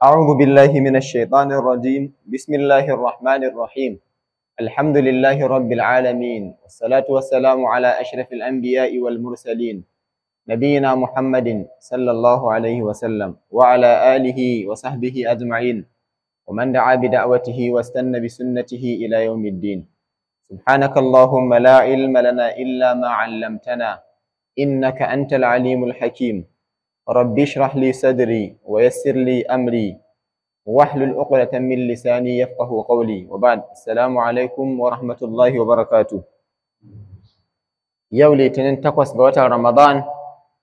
أعوذ بالله من الشيطان الرجيم بسم الله الرحمن الرحيم الحمد لله رب العالمين والصلاة والسلام على أشرف الأنبياء والمرسلين نبينا محمد صلى الله عليه وسلم وعلى آله وصحبه أجمعين ومن دعا بدعوته واستنى بسنته إلى يوم الدين سبحانك اللهم لا علم لنا إلا ما علمتنا إنك أنت العليم الحكيم rabbi shrah li sadri wa yassir li amri wahlul uqdatan min lisani yafqahu qawli wa ba'd assalamu alaikum wa rahmatullahi wa barakatuh yau litinin takwas ga watan ramadan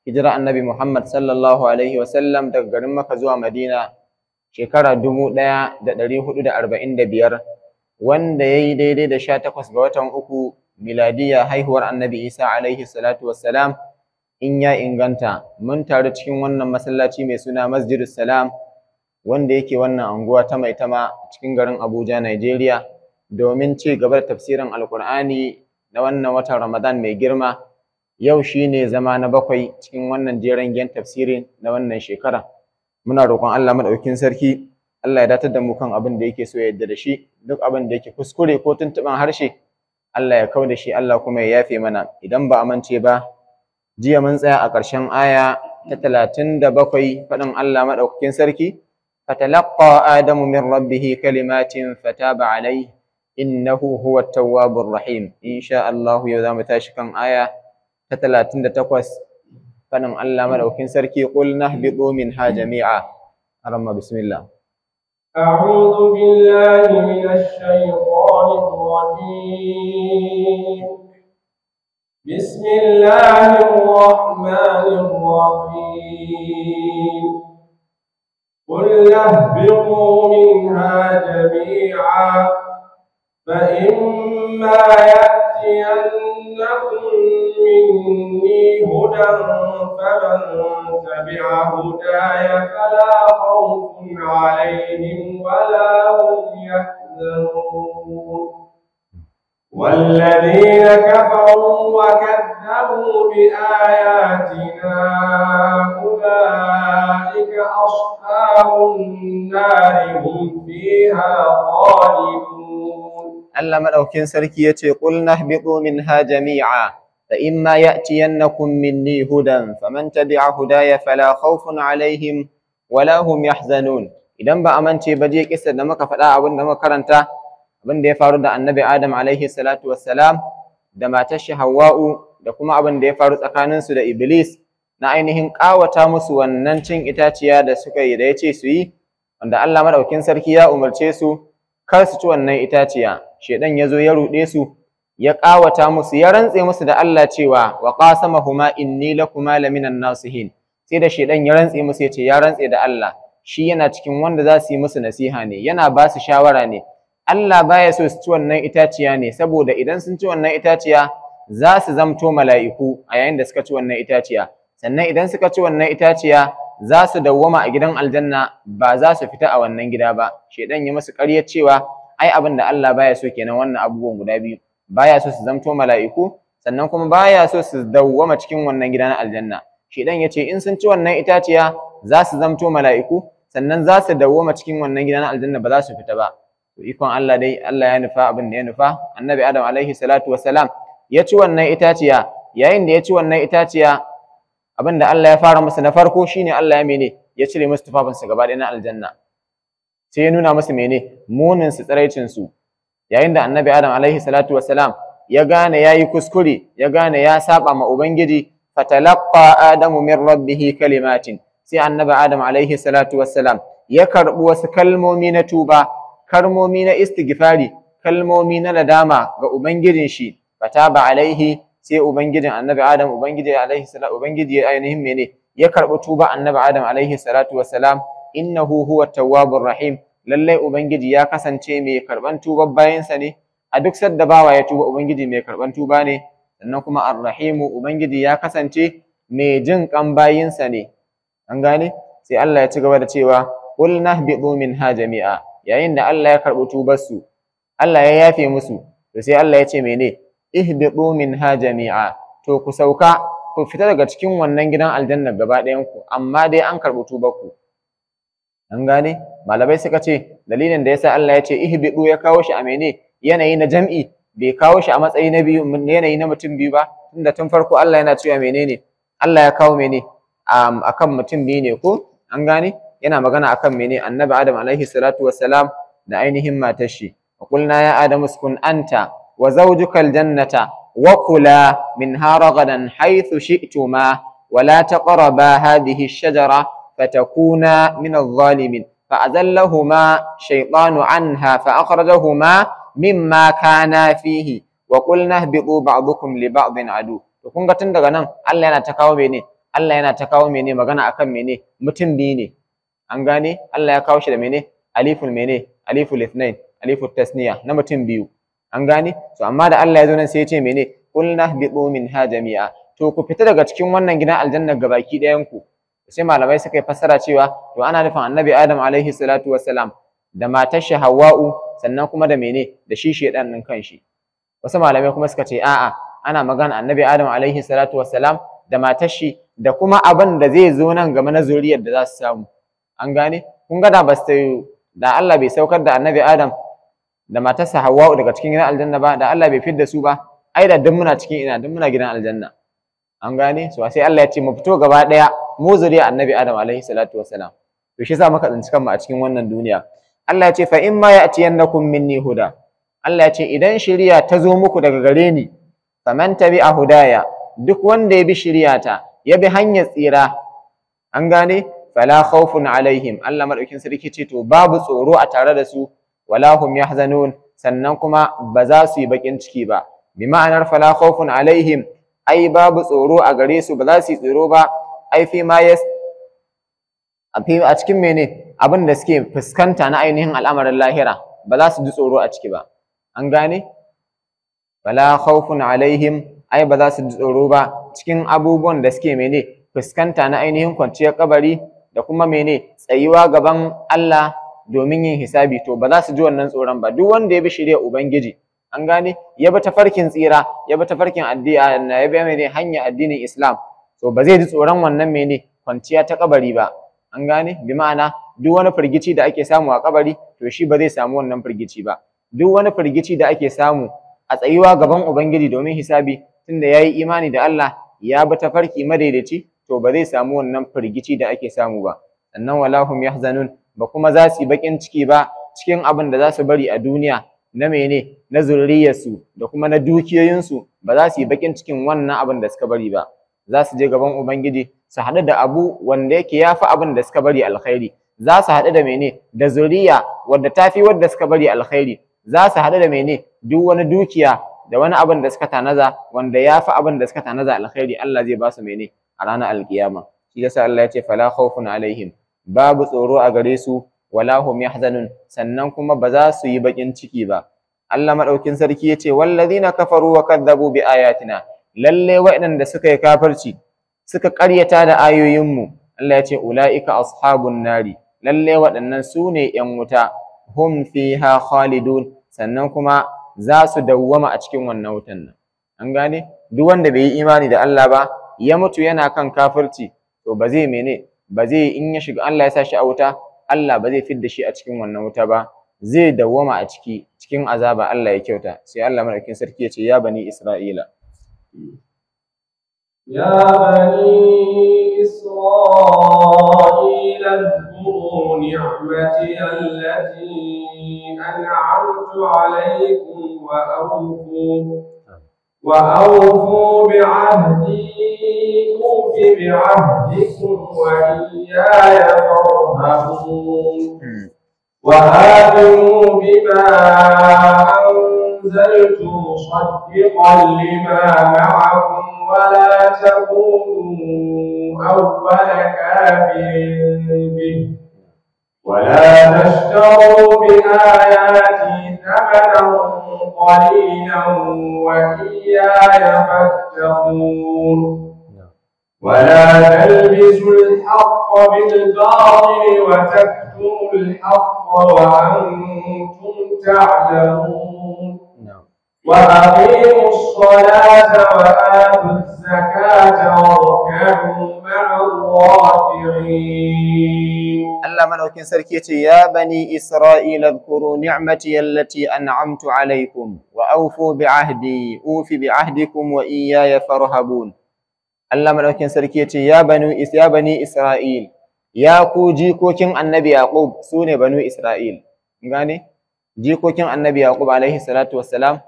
hijira annabi muhammad sallallahu alaihi wa daga garin maka zuwa madina shekara dubu ɗaya da ɗari hudu da arba'in da biyar wanda ya yi daidai da sha takwas ga watan uku miladiya haihuwar annabi isa alaihi salatu wassalam in ya inganta mun taru cikin wannan masallaci mai suna Masjidus Salam wanda yake wannan anguwa ta mai tama cikin garin Abuja Nigeria domin ci gaba da tafsirin Alkur'ani na wannan wata Ramadan mai girma yau shine zama na bakwai cikin wannan jeren gen tafsiri na wannan shekara muna roƙon Allah maɗaukin sarki Allah ya datar da mu kan abin da yake so ya yarda da shi duk abin da yake kuskure ko tuntuban harshe Allah ya kau da shi Allah kuma ya yafe mana idan ba a amince ba jiya mun tsaya a ƙarshen aya ta talatin da bakwai faɗin Allah maɗaukakin sarki fatalaqqa adamu min rabbih kalimatin fataba alayhi innahu huwa at-tawwabur rahim insha Allah yau zamu tashi kan aya ta 38 faɗin Allah maɗaukakin sarki qul nahbitu minha jami'a aramma bismillah أعوذ بالله من الشيطان الرجيم بسم الله الرحمن الرحيم قل اهبطوا منها جميعا فإما يأتينكم مني هدى فمن تبع هداي فلا خوف عليهم ولا هم يحزنون والذين كفروا وكذبوا بآياتنا أولئك أصحاب النار هم فيها خالدون الله مدوكين سركي يتي قلنا اهبطوا منها جميعا فإما يأتينكم مني هدى فمن تبع هداي فلا خوف عليهم ولا هم يحزنون idan ba amince ba je kissa da muka faɗa abin da muka karanta abin da ya faru da annabi Adam alaihi salatu wassalam da matar shi hawa'u da kuma abin da ya faru tsakanin su da Iblis na ainihin ƙawata musu wannan cin itaciya da suka yi da ya ce su yi wanda Allah madaukin sarki ya umarce su kar su ci wannan itaciya shedan ya zo ya ruɗe su ya ƙawata musu ya rantse musu da Allah cewa wa ni inni lakuma laminan nasihin sai da shedan ya rantse musu ya ce ya rantse da Allah shi yana cikin wanda za su yi musu nasiha ne yana ba su shawara ne Allah baya so su ci wannan itaciya ne saboda idan sun ci wannan itaciya za su zamto mala'iku a yayin da suka ci wannan itaciya sannan idan suka ci wannan itaciya za su dawwama a gidan aljanna ba za su fita a wannan gida ba shedan ya musu ƙaryar cewa ai abin da Allah baya so kenan wannan abubuwan guda biyu baya so su zamto mala'iku sannan kuma baya so su dawwama cikin wannan gida na aljanna shedan yace in sun ci wannan itaciya za su zamto mala'iku sannan za su dawwama cikin wannan gida na aljanna ba za su fita ba to ikon Allah dai Allah ya nufa abin da ya nufa annabi adam alaihi salatu wassalam ya ci wannan itaciya yayin da ya ci wannan itaciya abin da Allah ya fara masa na farko shine Allah ya mene ya cire musu tufafinsu gaba ɗaya na aljanna sai ya nuna musu mene munin su tsaraicin su yayin da annabi adam alaihi salatu wassalam ya gane yayi kuskure ya gane ya saba ma ubangiji fatalaqa adamu min rabbih kalimatin sai annabi adam alaihi salatu wassalam ya karɓi wasu kalmomi na tuba kalmomi na istighfari kalmomi na nadama ga ubangijin shi fataba alaihi sai ubangijin annabi adam ubangiji alaihi salatu ubangiji ainihin mene ya karbi tuba annabi adam alaihi salatu wassalam innahu huwa tawwabur rahim lallai ubangiji ya kasance mai karban tuba bayan sa ne a duk sadda bawa ya tuba ubangiji mai karban tuba ne sannan kuma arrahimu ubangiji ya kasance mai jin kan sa ne an gane sai Allah ya ci gaba da cewa qul nahbitu minha jami'a yayin da Allah ya karɓi tubarsu Allah ya yafe musu to sai Allah ya ce mene min ha jami'a to ku sauka ku fita daga cikin wannan gidan aljanna gaba ɗayan ku amma dai an karɓi tubarku an gane malamai suka ce dalilin da yasa Allah ya ce ihbitu ya kawo shi a mene yanayi na jam'i bai kawo shi a matsayi na biyu yanayi na mutum biyu ba tunda tun farko Allah yana cewa menene Allah ya kawo mene akan mutum biyu ne ko an gane yana magana akan mene annabi adam alaihi salatu wassalam da ainihin matar shi qulna ya adam uskun anta wa zawjuka jannata wa kula minha ragadan haythu shi'tuma wa la taqraba hadhihi ash-shajara fatakuna min adh-dhalimin فأذلهما شيطان عنها فأخرجهما مما كانا فيه وقلنا اهبطوا بعضكم لبعض عدو to kun ga tun daga nan Allah yana ta kawo mene Allah yana ta kawo mene magana akan mene mutum biyu ne an gane Allah ya kawo shi da mene aliful mene aliful ithnain aliful tasniya na mutum biyu an gane to amma da Allah ya zo nan sai ya ce mene qulna min ha jami'a to ku fita daga cikin wannan gina aljanna gabaki ɗayan ku sai malamai suka yi fassara cewa to ana nufin annabi adam alaihi salatu wassalam da matar shi hawa'u sannan kuma da mene da shi shedan nan kanshi wasu malamai kuma suka ce a'a ana magana annabi adam alaihi salatu wassalam da matar shi da kuma abin da zai zo nan game na zuriyar da za su samu an gane kun ga da ba sai da Allah bai saukar da annabi Adam da matarsa Hawwa'u daga cikin gidan aljanna ba da Allah bai fidda su ba ai da duk muna cikin ina duk muna gidan aljanna an gane so sai Allah ya ce mu fito gaba daya mu zuriya annabi Adam alaihi salatu wasalam to shi yasa muka tsinci kanmu a cikin wannan duniya Allah ya ce fa imma ya'tiyannakum minni huda Allah ya ce idan shari'a ta zo muku daga gare ni faman tabi'a hudaya duk wanda ya bi shari'ata ya bi hanyar tsira an gane fala khawfun alaihim Allah madaukin sarki ce to babu tsoro a tare da su wala hum yahzanun sannan kuma ba za su yi bakin ciki ba bi ma'anar fala khawfun alaihim ai babu tsoro a gare su ba za su yi tsoro ba ai fi ma yas a cikin mene abin da suke fuskanta na ainihin al'amarin lahira ba za su ji tsoro a ciki ba an gane fala khawfun alaihim ai ba za su ji tsoro ba cikin abubuwan da suke mene fuskanta na ainihin kwanciyar kabari da kuma mene tsayuwa gaban Allah domin yin hisabi to ba za su ji wannan tsoron ba duk wanda ya bi shirya ubangiji an gane ya bi tafarkin tsira ya bi tafarkin addini ya bi mene hanya addinin Islam to ba zai ji tsoron wannan mene kwanciya ta kabari ba an gane bi ma'ana duk wani firgici da ake samu a kabari to shi ba zai samu wannan firgici ba duk wani firgici da ake samu a tsayuwa gaban ubangiji domin hisabi tunda yayi imani da Allah ya bi tafarki madaidaici to ba zai samu wannan firgici da ake samu ba sannan walahum yahzanun ba kuma za su yi bakin ciki ba cikin abin da za su bari a duniya na mene na zurriyarsu da kuma na dukiyoyinsu ba za su yi bakin cikin wannan abin da suka bari ba za su je gaban ubangiji su haɗu da abu wanda yake yafi abin da suka bari alkhairi za su haɗu da mene da zuriya wadda fi wadda suka bari alkhairi za su haɗu da mene duk wani dukiya da wani abin da suka tanaza wanda yafi abin da suka tanaza alkhairi Allah zai ba su mene a ranar alkiyama shi yasa Allah ya ce fala khawfun alaihim babu tsoro a gare su wala hum yahzanun sannan kuma ba za su yi bakin ciki ba Allah madaukin sarki ya ce wallazina kafaru wa kadzabu bi ayatina lalle waɗanda suka yi kafirci suka ƙaryata da ayoyinmu Allah ya ce ulaika ashabun nari lalle waɗannan su ne ƴan wuta hum fiha khalidun sannan kuma za su dawwama a cikin wannan wutan nan an gane duk wanda bai yi imani da Allah ba ya mutu yana kan kafirci to ba zai mene ba zai in ya shiga Allah ya sa shi a wuta Allah ba zai fidda shi a cikin wannan wuta ba zai dawwama a ciki cikin azaba Allah ya kyauta sai Allah madaukakin sarki ya ce ya bani Isra'ila ya bani Isra'ila اذكروا نعمتي التي أنعمت wa وأوفوا بعهدي أوف بعهدكم وإياي فارهبون وآمنوا بما أنزلت مصدقا لما معكم ولا تكونوا أول كافر به ولا تشتروا بآياتي ثمنا قليلا وإياي فاتقون نعم. ولا تلبسوا الحق بالباطل وتكتموا الحق وأنتم تعلمون نعم. وأقيموا الصلاة وآتوا الزكاة وركعوا مع الراكعين ألا ملوك سركيتي يا بني إسرائيل اذكروا نعمتي التي أنعمت عليكم وأوفوا بعهدي أوفي بعهدكم وإياي فارهبون Allah malaukin sarki ya ce, Ya bani Isra’il, ya ku jikokin annabi Yaƙub su ne bani Isra’il, gane? Jikokin annabi Yaƙub, alaihi salatu wassalam,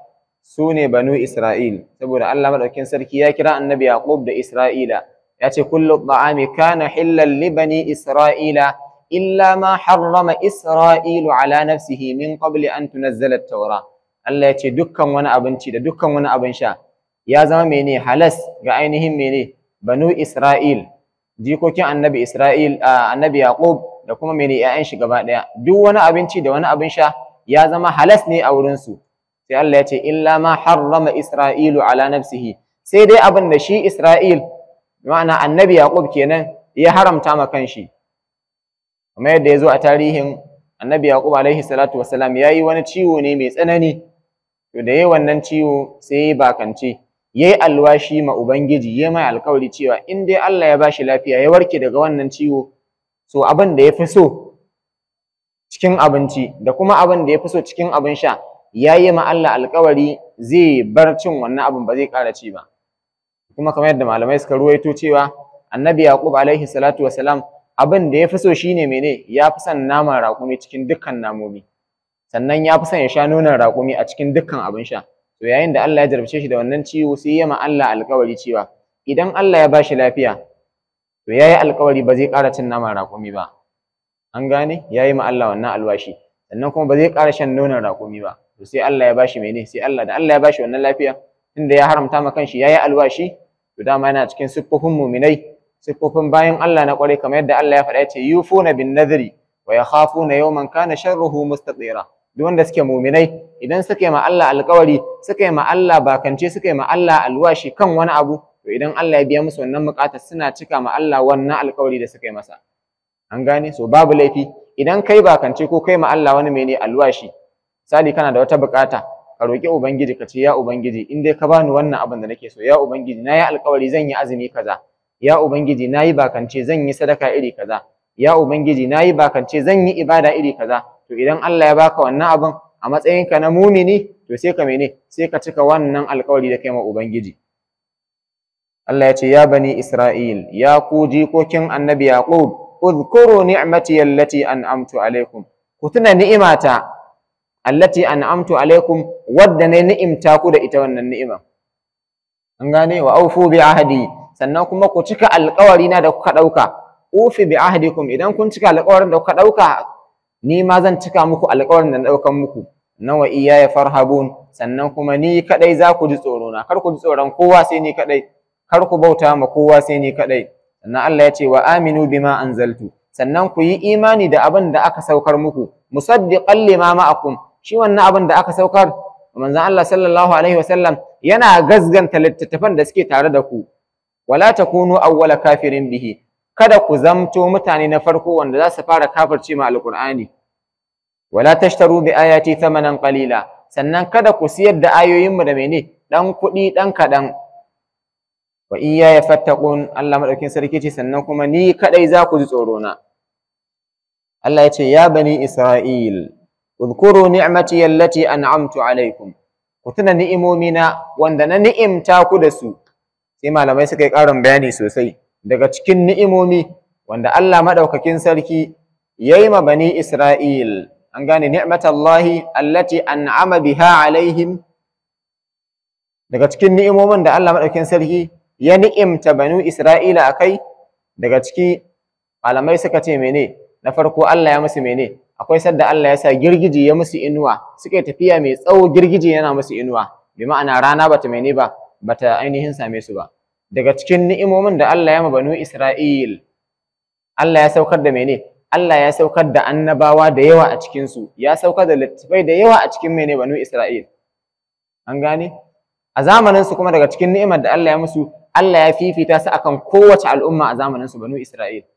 su ne banu Isra'il, saboda Allah maɗaukin sarki ya kira annabi yaqub da Isra'ila, ya ce, Kullu ba'ami kana hillal libani Isra'ila, illa ma harrama Isra'ilu ala nafsihi min qabli an tunazzala taura. Allah ya ce dukkan wani abinci da dukkan wani abin sha ya zama mene halas ga ainihin mene banu Isra'il, jikokin annabi Isra'il, annabi Yaƙub da kuma mene ‘ya'yan shi gaba ɗaya, duk wani abinci da wani abin sha ya zama halas ne a wurinsu. sai Allah ya ce illa ma harrama isra'ilu ala nafsihi sai dai abin da shi isra'il ma'ana annabi yaqub kenan ya haramta ma kanshi Kuma yadda ya zo a tarihin annabi yaqub alaihi salatu wassalam ya yi wani ciwo ne mai tsanani to da yayi wannan ciwo sai ya bakance yayi alwashi ma ubangiji ya mai alkawari cewa in dai Allah ya bashi lafiya ya warke daga wannan ciwo so abin da ya fi so cikin abinci da kuma abin da ya fi so cikin abin sha ya yi ma Allah alkawari zai bar cin wannan abin ba zai ƙara ci ba kuma kamar yadda malamai suka ruwaito cewa annabi yaqub alaihi salatu wasalam abin da ya fi so shi ne mene ya fi son naman raƙumi cikin dukkan namomi sannan ya fi son ya sha nonon raƙumi a cikin dukkan abin sha to yayin da Allah ya jarabce shi da wannan ciwo sai ya ma Allah alƙawari cewa idan Allah ya ba shi lafiya to yayi alƙawari ba zai ƙara cin naman raƙumi ba an gane yayi ma Allah wannan alwashi sannan kuma ba zai ƙara shan nonon raƙumi ba to sai Allah ya bashi mene sai Allah da Allah ya bashi wannan lafiya tunda ya haramta ma kanshi yayi alwashi to dama yana cikin siffofin muminai siffofin bayan Allah na kware kamar yadda Allah ya faɗa yace yufuna bin nadri wa yakhafuna yawman kana sharruhu mustatira duk wanda suke muminai idan suka yi ma Allah alƙawari suka yi ma Allah bakance suka yi ma Allah alwashi kan wani abu to idan Allah ya biya musu wannan buƙatar suna cika ma Allah wannan alƙawari da suka yi masa an gane so babu laifi idan kai bakance ko kai ma Allah wani mene alwashi misali kana da wata bukata ka roki ubangiji ka ce ya ubangiji in dai ka bani wannan abin da nake so ya ubangiji nayi alƙawari zan yi azumi kaza ya ubangiji nayi bakance zan yi sadaka iri kaza ya ubangiji nayi bakance zan yi ibada iri kaza to idan Allah ya baka wannan abin a matsayinka na mumini to sai ka mene sai ka cika wannan alƙawari da kai ma ubangiji Allah ya ce ya bani Isra'il ya ku jikokin annabi Yaqub udhkuru ni'mati allati an'amtu alaikum ku tuna ni'imata allati an'amtu alaikum wadda na ni'imta ku da ita wannan ni'ima an gane wa aufu bi ahdi sannan kuma ku cika alƙawari na da kuka dauka ufi bi ahdikum idan kun cika alƙawarin da kuka dauka ni ma zan cika muku alƙawarin da na daukan muku nawa iyaya farhabun sannan kuma ni kadai za ku ji tsoro na kar ku ji tsoron kowa sai ni kadai kar ku bauta ma kowa sai ni kadai sannan Allah ya ce wa aminu bima anzaltu sannan ku yi imani da abin da aka saukar muku musaddiqan lima ma'akum shi wannan abin da aka saukar manzon Allah sallallahu alaihi wasallam yana gazganta littattafan da suke tare da ku wala takunu awwala kafirin bihi kada ku zamto mutane na farko wanda za su fara kafirce ma alqur'ani wala tashtaru bi ayati thamanan qalila sannan kada ku siyar da ayoyin mu da mene dan kuɗi dan kaɗan wa ya fattaqun Allah madaukin sarki ce sannan kuma ni kadai za ku ji tsoro na Allah ya ce ya bani Isra'il Udhkuru ni'mati allati an'amtu alaikum. Ku tuna ni'imomina wanda na ni'imta ku da su. Sai malamai suka yi ƙarin bayani sosai. Daga cikin ni'imomi wanda Allah madaukakin sarki yayi ma bani Isra'il. An gane ni'matallahi allati an'ama biha alaihim. Daga cikin ni'imomin da Allah madaukakin sarki ya ni'imta banu Isra'ila akai daga ciki malamai suka ce mene na farko Allah ya musu mene akwai sadda Allah ya sa girgije ya musu inuwa suka tafiya mai tsawo girgije yana musu inuwa bi ma'ana rana bata mene ba bata ainihin same su ba daga cikin ni'imomin da Allah ya ma banu Isra'il Allah ya saukar da mene Allah ya saukar da annabawa da yawa a cikin su ya saukar da littafai da yawa a cikin mene banu Isra'il an gane a zamanin su kuma daga cikin ni'imar da Allah ya musu Allah ya fifita su akan kowace al'umma a zamanin su banu Isra'il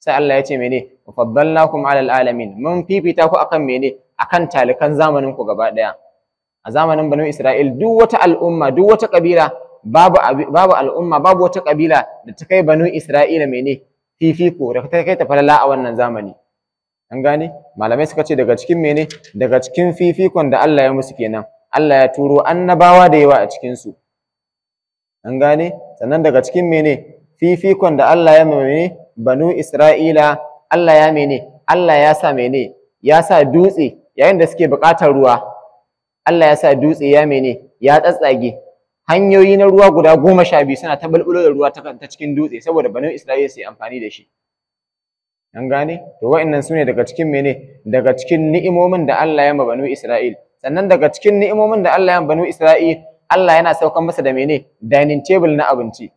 sai Allah ya ce mene faddalnakum alal alamin mun fifita ku akan mene akan talikan zamanin ku gaba daya a zamanin banu Isra'il duk wata al'umma duk wata kabila babu babu al'umma babu wata kabila da ta kai banu Isra'ila mene fifiko da ta kai ta falala a wannan zamani an gane malamai suka ce daga cikin mene daga cikin fifikon da Allah ya musu kenan Allah ya turo annabawa da yawa a cikin su an gane sannan daga cikin mene fifikon da Allah ya mene banu Isra'ila Allah ya mene Allah ya sa mene ya sa dutse yayin da suke buƙatar ruwa Allah ya sa dutse ya mene ya tsatsage hanyoyi na ruwa guda goma sha biyu suna ta bulbulo da ruwa ta cikin dutse saboda banu Isra'ila su yi amfani da shi an gane to wa'annan ne daga cikin mene daga cikin ni'imomin da Allah ya ma banu Isra'il sannan daga cikin ni'imomin da Allah ya ma banu Isra'il Allah yana saukan masa da mene dining table na abinci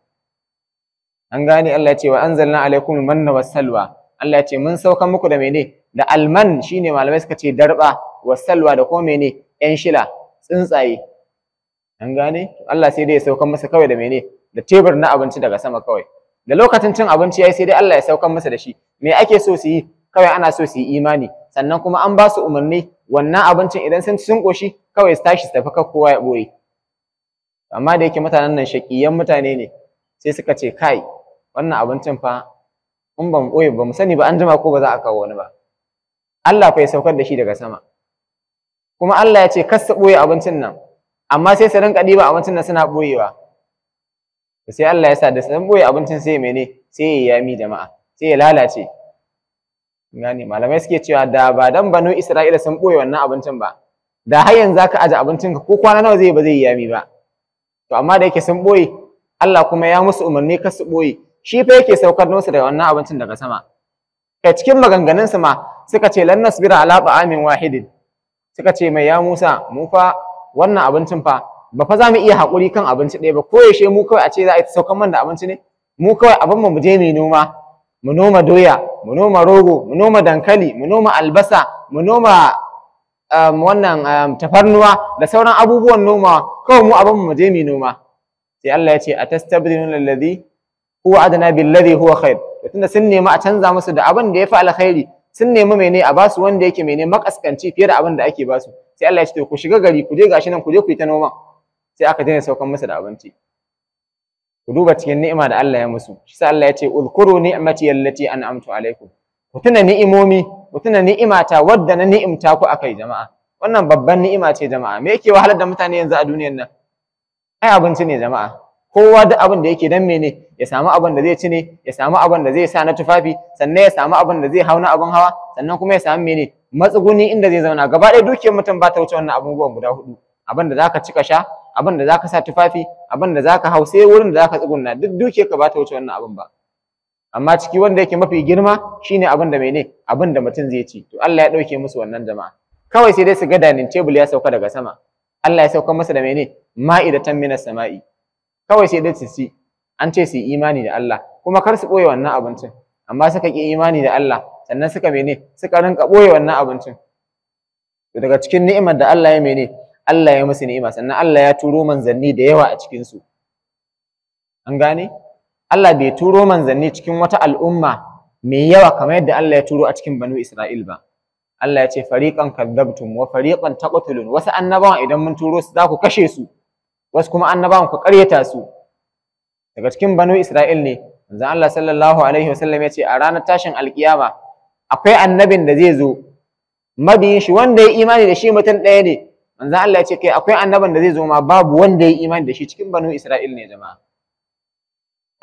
an gane Allah ya ce wa anzalna alaikum manna salwa. Allah ya ce mun sauka muku da mene da alman shine malamai suka ce darba wasalwa da kuma mene yan shila tsuntsaye an gane Allah sai dai ya sauka masa kawai da mene da tebur na abinci daga sama kawai da lokacin cin abinci yayi sai dai Allah ya sauka masa da shi me ake so su yi kawai ana so su yi imani sannan kuma an ba su umarni wannan abincin idan sun sun koshi kawai su tashi su tafi kar kowa ya boye amma da yake mutanen nan shakiyan mutane ne sai suka ce kai wannan abincin fa in ban ɓoye ba mu sani ba an jima ko ba za a kawo wani ba Allah fa ya saukar da shi daga sama kuma Allah ya ce kar su ɓoye abincin nan amma sai su rinka ba abincin nan suna ɓoyewa to sai Allah ya sa da sun ɓoye abincin sai mene sai ya yami jama'a sai ya lalace gane malamai suke cewa da ba dan banu Isra'ila sun boye wannan abincin ba da har yanzu zaka aje abincin ka ko kwana nawa zai ba zai yi yami ba to amma da yake sun boye Allah kuma ya musu umarni kar su boye shi fa yake saukar musu daga wannan abincin daga sama a cikin maganganun su ma suka ce lan nasbira ala amin wahidin suka ce mai ya Musa mu fa wannan abincin fa ba fa za mu iya hakuri kan abinci ɗaya ba ko yaushe mu kawai a ce za a yi saukan man da abinci ne mu kawai abin mu mu je mu noma mu noma doya mu noma rogo mu noma dankali mu noma albasa mu noma um, wannan um, tafarnuwa da sauran abubuwan nomawa kawai mu abin mu mu je mu noma sai Allah ya ce atastabdiluna alladhi huwa adana billadhi huwa khair tunda sun nemi a canza musu da abin da ya fi alkhairi sun nemi mene a basu wanda yake mene makaskanci fiye da abin da ake basu sai Allah ya ce ku shiga gari ku je gashi nan ku je ku yi ta noma sai aka daina saukan musu da abinci ku duba cikin ni'ima da Allah ya musu shi sai Allah ya ce ulkuru ni'mati allati an'amtu alaikum ku tuna ni'imomi ku tuna ni'imata wadda na ni'imta ku akai jama'a wannan babban ni'ima ce jama'a me yake wahalar da mutane yanzu a duniyar nan ai abinci ne jama'a kowa duk abin da yake dan mene ya samu abin da zai ci ne ya samu abin da zai sa na tufafi sannan ya samu abin da zai hau na abin hawa sannan kuma ya samu mene matsuguni inda zai zauna gaba ɗaya dukiyar mutum ba ta wuce wannan abubuwan guda hudu abin da zaka ci sha abin da zaka sa tufafi abin da zaka hau sai wurin da zaka tsuguna, duk dukiyar ka ba ta wuce wannan abin ba amma ciki wanda yake mafi girma shine abin da mene abin da mutum zai ci to Allah ya dauke musu wannan jama'a kawai sai dai su ga danin tebul ya sauka daga sama Allah ya sauka masa da mene ma'idatan minas sama'i kawai sai dai su ci an ce su yi imani da Allah kuma kar su ɓoye wannan abincin amma suka ƙi imani da Allah sannan suka mene suka rinka ɓoye wannan abincin to daga cikin ni'imar da Allah ya mene Allah ya musu ni'ima sannan Allah ya turo manzanni da yawa a cikin su an gane Allah bai turo manzanni cikin wata al'umma mai yawa kamar yadda Allah ya turo a cikin banu Isra'il ba Allah ya ce fariqan kadzabtum wa fariqan taqtulun wasu annabawan idan mun turo su za ku kashe su wasu kuma annabawan ku ƙaryata su daga cikin banu Isra'il ne manzon Allah sallallahu alaihi wasallam ya ce a ranar tashin alkiyama akwai annabin da zai zo mabiyin shi wanda ya imani da shi mutum ɗaya ne manzon Allah ya ce kai akwai annabin da zai zo ma babu wanda ya imani da shi cikin banu Isra'il ne jama'a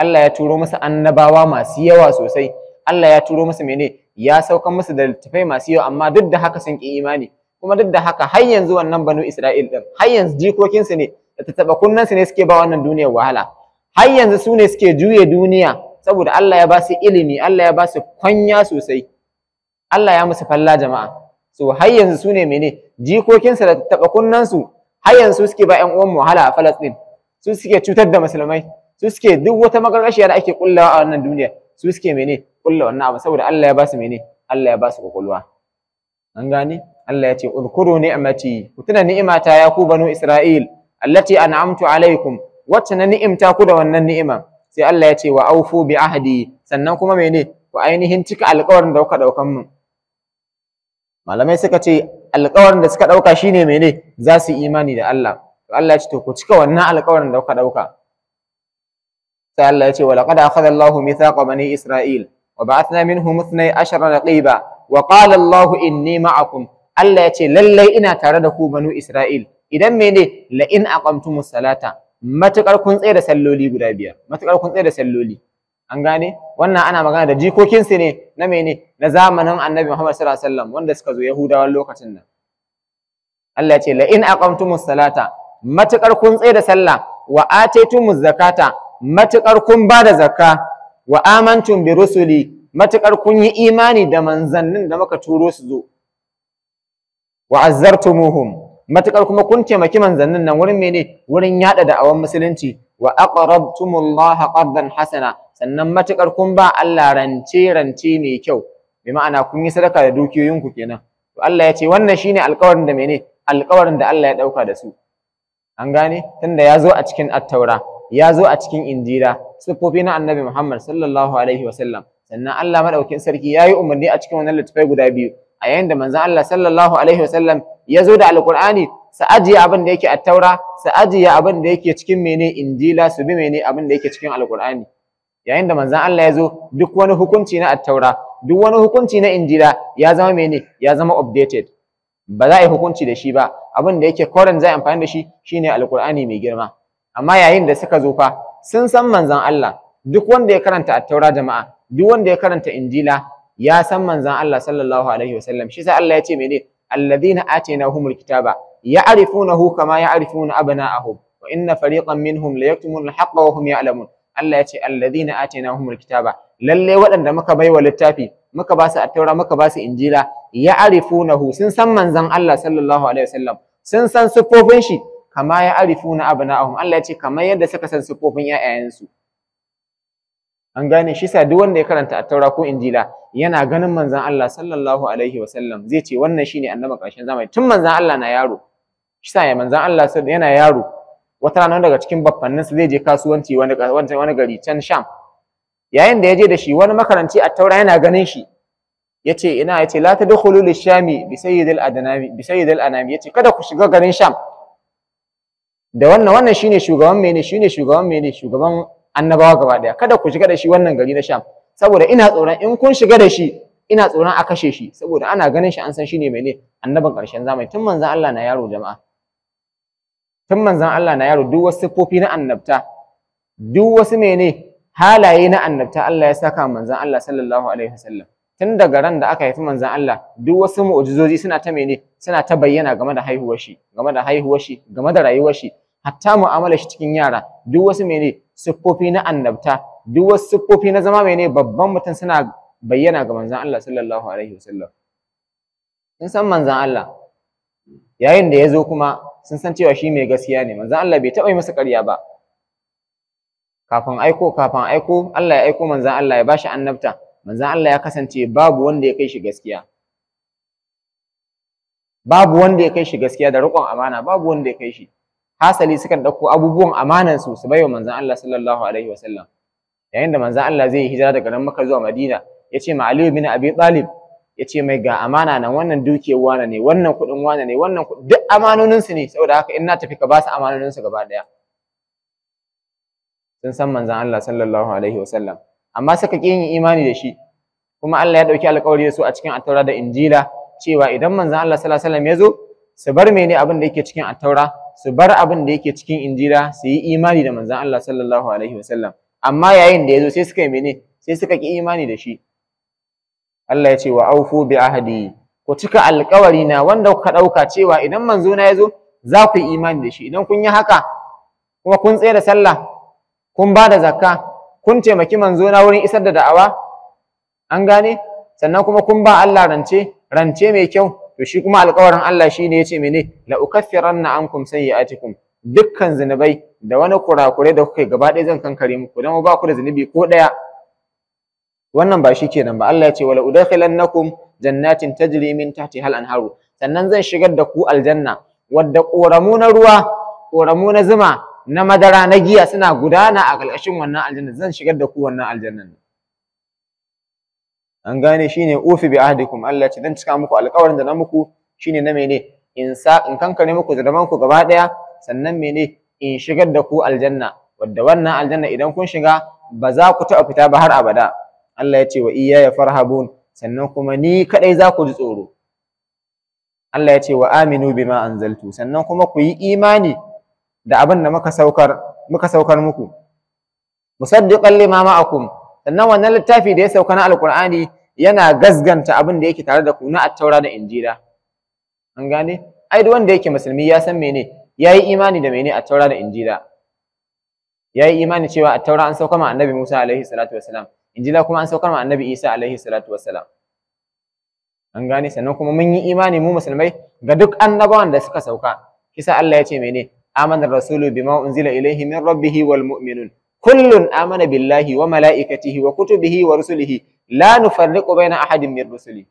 Allah ya turo musu annabawa masu yawa sosai Allah ya turo musu mene ya saukan musu da littafai masu yawa amma duk da haka sun ki imani kuma duk da haka har yanzu wannan banu Isra'il din har yanzu jikokinsu ne da taɓa kunnensu ne suke ba wannan duniyar wahala har yanzu su ne suke juye duniya saboda Allah ya ba su ilimi Allah ya ba su kwanya sosai Allah ya musu falla jama'a so har yanzu su ne mene jikokinsa da taɓa kunnensu har yanzu suke ba ƴan uwan wahala a falastin su suke cutar da musulmai su suke duk wata magarashiya da ake kullawa a wannan duniya su suke mene kulla wannan abu saboda Allah ya ba su mene Allah ya ba su kokolwa an gane Allah ya ce udkuru ni'mati ku tuna ni'imata ya ku banu Isra'il allati an'amtu alaikum wacce na ni'imta ku da wannan ni'iman sai Allah ya ce wa aufu bi ahdi sannan kuma mene ku ainihin cika alƙawarin da kuka daukan mun malamai suka ce alƙawarin da suka dauka shine mene za su imani da Allah to Allah ya ce to ku cika wannan alƙawarin da kuka dauka sai Allah ya ce wa laqad akhadha Allahu mithaqa bani Isra'il wa ba'athna minhum 12 naqiba wa qala Allahu inni ma'akum Allah ya ce lallai ina tare da ku banu Isra'il idan mene la in aqamtumus salata matuƙar kun tsaye da salloli guda biyar matukar kun tsaye da salloli an gane wannan ana magana da jikokin su ne na mene na zamanin annabi Muhammad sallallahu alaihi wasallam wanda suka zo Yahudawan lokacin nan Allah ya ce la in aqamtumus salata matukar kun tsaye da sallah wa ataytumuz zakata matukar kun ba da zakka wa amantum bi rusuli matukar kun yi imani da manzannin da muka turo su zo wa azzartumuhum Matukar kuma kun taimaki manzannin nan wurin mene wurin yada awan musulunci wa aqrabtumullaha qardan hasana sannan matukar kun ba Allah rance rance ne kyau bi ma'ana kun yi sadaka da dukiyoyinku kenan to Allah ya ce wannan shine alƙawarin da mene alƙawarin da Allah ya dauka da su an gane tunda ya zo a cikin attaura ya zo a cikin injira siffofi na annabi Muhammad sallallahu alaihi wasallam sannan Allah madaukin sarki yayi umarni a cikin wannan littafai guda biyu a yayin da manzon Allah sallallahu alaihi wasallam ya zo da alqur'ani su ajiye abin da yake attaura su ajiye abin da yake cikin mene injila su bi mene abin da yake cikin alqur'ani yayin da manzon Allah ya zo duk wani hukunci na attaura duk wani hukunci na injila ya zama mene ya zama updated ba za a yi hukunci da shi ba abin da yake koren zai amfani da shi shine alqur'ani mai girma amma yayin da suka zo fa sun san manzon Allah duk wanda ya karanta attaura jama'a duk wanda ya karanta injila ya san manzan Allah sallallahu alaihi wasallam shi sai Allah ya ce mene alladhina atainahumul kitaba ya'rifunahu kama ya'rifuna abna'ahum wa inna fariqan minhum layaktumuna al-haqqa wa hum ya'lamun Allah ya ce alladhina atainahumul kitaba lalle waɗanda muka baiwa littafi muka ba su attaura muka ba su injila ya'rifunahu sun san manzan Allah sallallahu alaihi wasallam sun san siffofin shi kama ya'rifuna abna'ahum Allah ya ce kamar yadda suka san siffofin ƴaƴayensu an gane shi sa duk wanda ya karanta attaura ko injila yana ganin Manzan Allah sallallahu alaihi wasallam zai ce wannan shine annaba ƙarshen zamani tun Manzan Allah na yaro shi sa ya manzan Allah yana yaro wata rana daga cikin baffannin su zai je kasuwanci wani wani gari can Sham yayin da ya je da shi wani makaranci attaura yana ganin shi yace ina yace la tadkhulu lishami bi sayyidil adnami bi sayyidil anami yace kada ku shiga garin Sham da wannan wannan shine shugaban mene shine shugaban mene shugaban annabawa gaba daya kada ku shiga da shi wannan gari na Sham saboda ina tsoron in kun shiga da shi ina tsoron a kashe shi saboda ana ganin shi an san shine mene annaban ƙarshen zamani tun manzon Allah na yaro jama'a tun manzon Allah na yaro duk wasu kofi na annabta duk wasu mene halaye na annabta Allah ya saka manzon Allah sallallahu alaihi wasallam tun daga ran da aka haifi manzon Allah duk wasu mu'jizozi suna ta mene suna ta bayyana game da haihuwar shi game da haihuwar shi game da rayuwar shi hatta mu'amalar shi cikin yara duk wasu mene siffofi na annabta duk wasu siffofi na zama mene ne babban mutum suna bayyana ga manzon Allah sallallahu alaihi wasallam sun san manzon Allah yayin da ya zo kuma sun san cewa shi mai gaskiya ne manzon Allah bai taɓa yi masa ƙarya ba kafin aiko kafin aiko Allah ya aiko manzon Allah ya bashi annabta manzon Allah ya kasance babu wanda ya kai shi gaskiya babu wanda ya kai shi gaskiya da riƙon amana babu wanda ya kai shi hasali sukan ɗauko abubuwan amanan su su baiwa manzon Allah sallallahu alaihi wasallam yayin da manzon Allah zai hijira daga nan Makka zuwa Madina yace ma Aliyu bin Abi Talib yace mai ga amana nan wannan dukiyar wane ne wannan kuɗin wane ne wannan duk amanonin su ne saboda haka in na tafi ka ba su amanonin su gaba ɗaya sun san manzon Allah sallallahu alaihi wasallam amma suka ƙi yin imani da shi kuma Allah ya ɗauki alƙawari da su a cikin Attaura da Injila cewa idan manzon Allah sallallahu alaihi wasallam ya zo su bar mene abin da yake cikin Attaura su bar abin da yake cikin injila su yi imani da manzan Allah sallallahu alaihi wasallam amma yayin da ya zo, sai suka yi mene sai suka ki imani da shi Allah ya ce wa aufu bi ahadi. ku cika alƙawari na wanda kuka ɗauka cewa idan manzo na zo, za ku yi imani da shi idan kun yi haka kuma kun tsaya da sallah kun ba da zakka kun taimaki manzo na wurin isar da da'awa an gane sannan kuma kun ba Allah rance rance mai kyau to shi kuma alƙawarin Allah ya ce mene la ukaffiranna ankum sayyi'atikum dukkan zunubai da wani kurakurai da kuka gaba ɗaya zan kankare muku dan ba ku da zunubi ko ɗaya wannan ba shi kenan ba Allah ya ce wala udakhilannakum jannatin tajri min tahtiha hal anharu sannan zan shigar da ku aljanna wadda ƙoramu na ruwa ƙoramu na zuma na madara na giya suna gudana a ƙarƙashin wannan aljanna zan shigar da ku wannan aljannan an gane shine ufi bi ahdikum Allah ce dan cika muku alƙawarin da na muku shine na mene in sa in kankare muku zurban ku gaba daya sannan mene in shigar da ku aljanna wadda wannan aljanna idan kun shiga ba za ku taɓa fita ba har abada Allah ya ce wa iyaya farhabun sannan kuma ni kadai za ku ji tsoro Allah ya ce wa aminu bima anzaltu sannan kuma ku yi imani da abin da muka saukar muka saukar muku musaddiqan lima ma'akum sannan wannan littafin da ya sauka na alqur'ani yana gasganta abin da yake tare da ku na attaura da injila an gane ai duk wanda yake musulmi ya san mene yayi imani da mene attaura da injila yayi imani cewa attaura an sauka ma annabi Musa alaihi salatu wasalam injila kuma an sauka ma annabi Isa alaihi salatu wasalam an gane sannan kuma mun yi imani mu musulmai ga duk annabawan da suka sauka kisa Allah ya ce mene amana rasulu bima unzila ilaihi min rabbihi wal mu'minun kullun amana billahi wa malaikatihi wa kutubihi wa rusulihi la nufarriqu baina ahadin min rusuli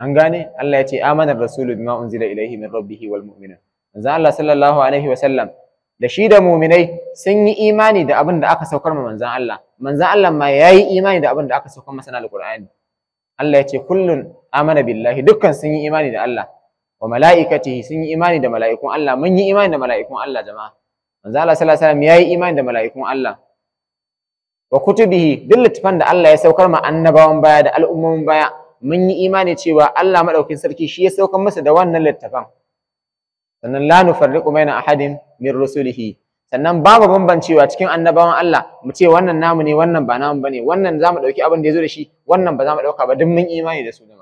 an gane Allah ya ce amana rasulu bima unzila ilaihi min rabbih wal mu'minun manzo Allah sallallahu alaihi wa sallam da shi da mu'minai sun yi imani da abin da aka saukar ma manzon Allah manzon Allah ma yayi imani da abin da aka saukar masa na alqur'ani Allah ya ce kullun amana billahi dukkan sun yi imani da Allah wa mala'ikatihi sun yi imani da mala'ikun Allah mun yi imani da mala'ikun Allah jama'a manzo Allah sallallahu alaihi wasallam yayi imani da mala'ikun Allah wa kutubihi duk littafan da Allah ya saukar ma annabawan baya da al'ummomin baya mun yi imani cewa Allah madaukin sarki shi ya saukar masa da wannan littafan sannan la nufarriqu baina ahadin min rusulihi sannan babu bambancewa cikin annabawan Allah mu ce wannan namu ne wannan ba namu bane wannan zamu dauki abin da yazo da shi wannan ba zamu dauka ba duk mun imani da su da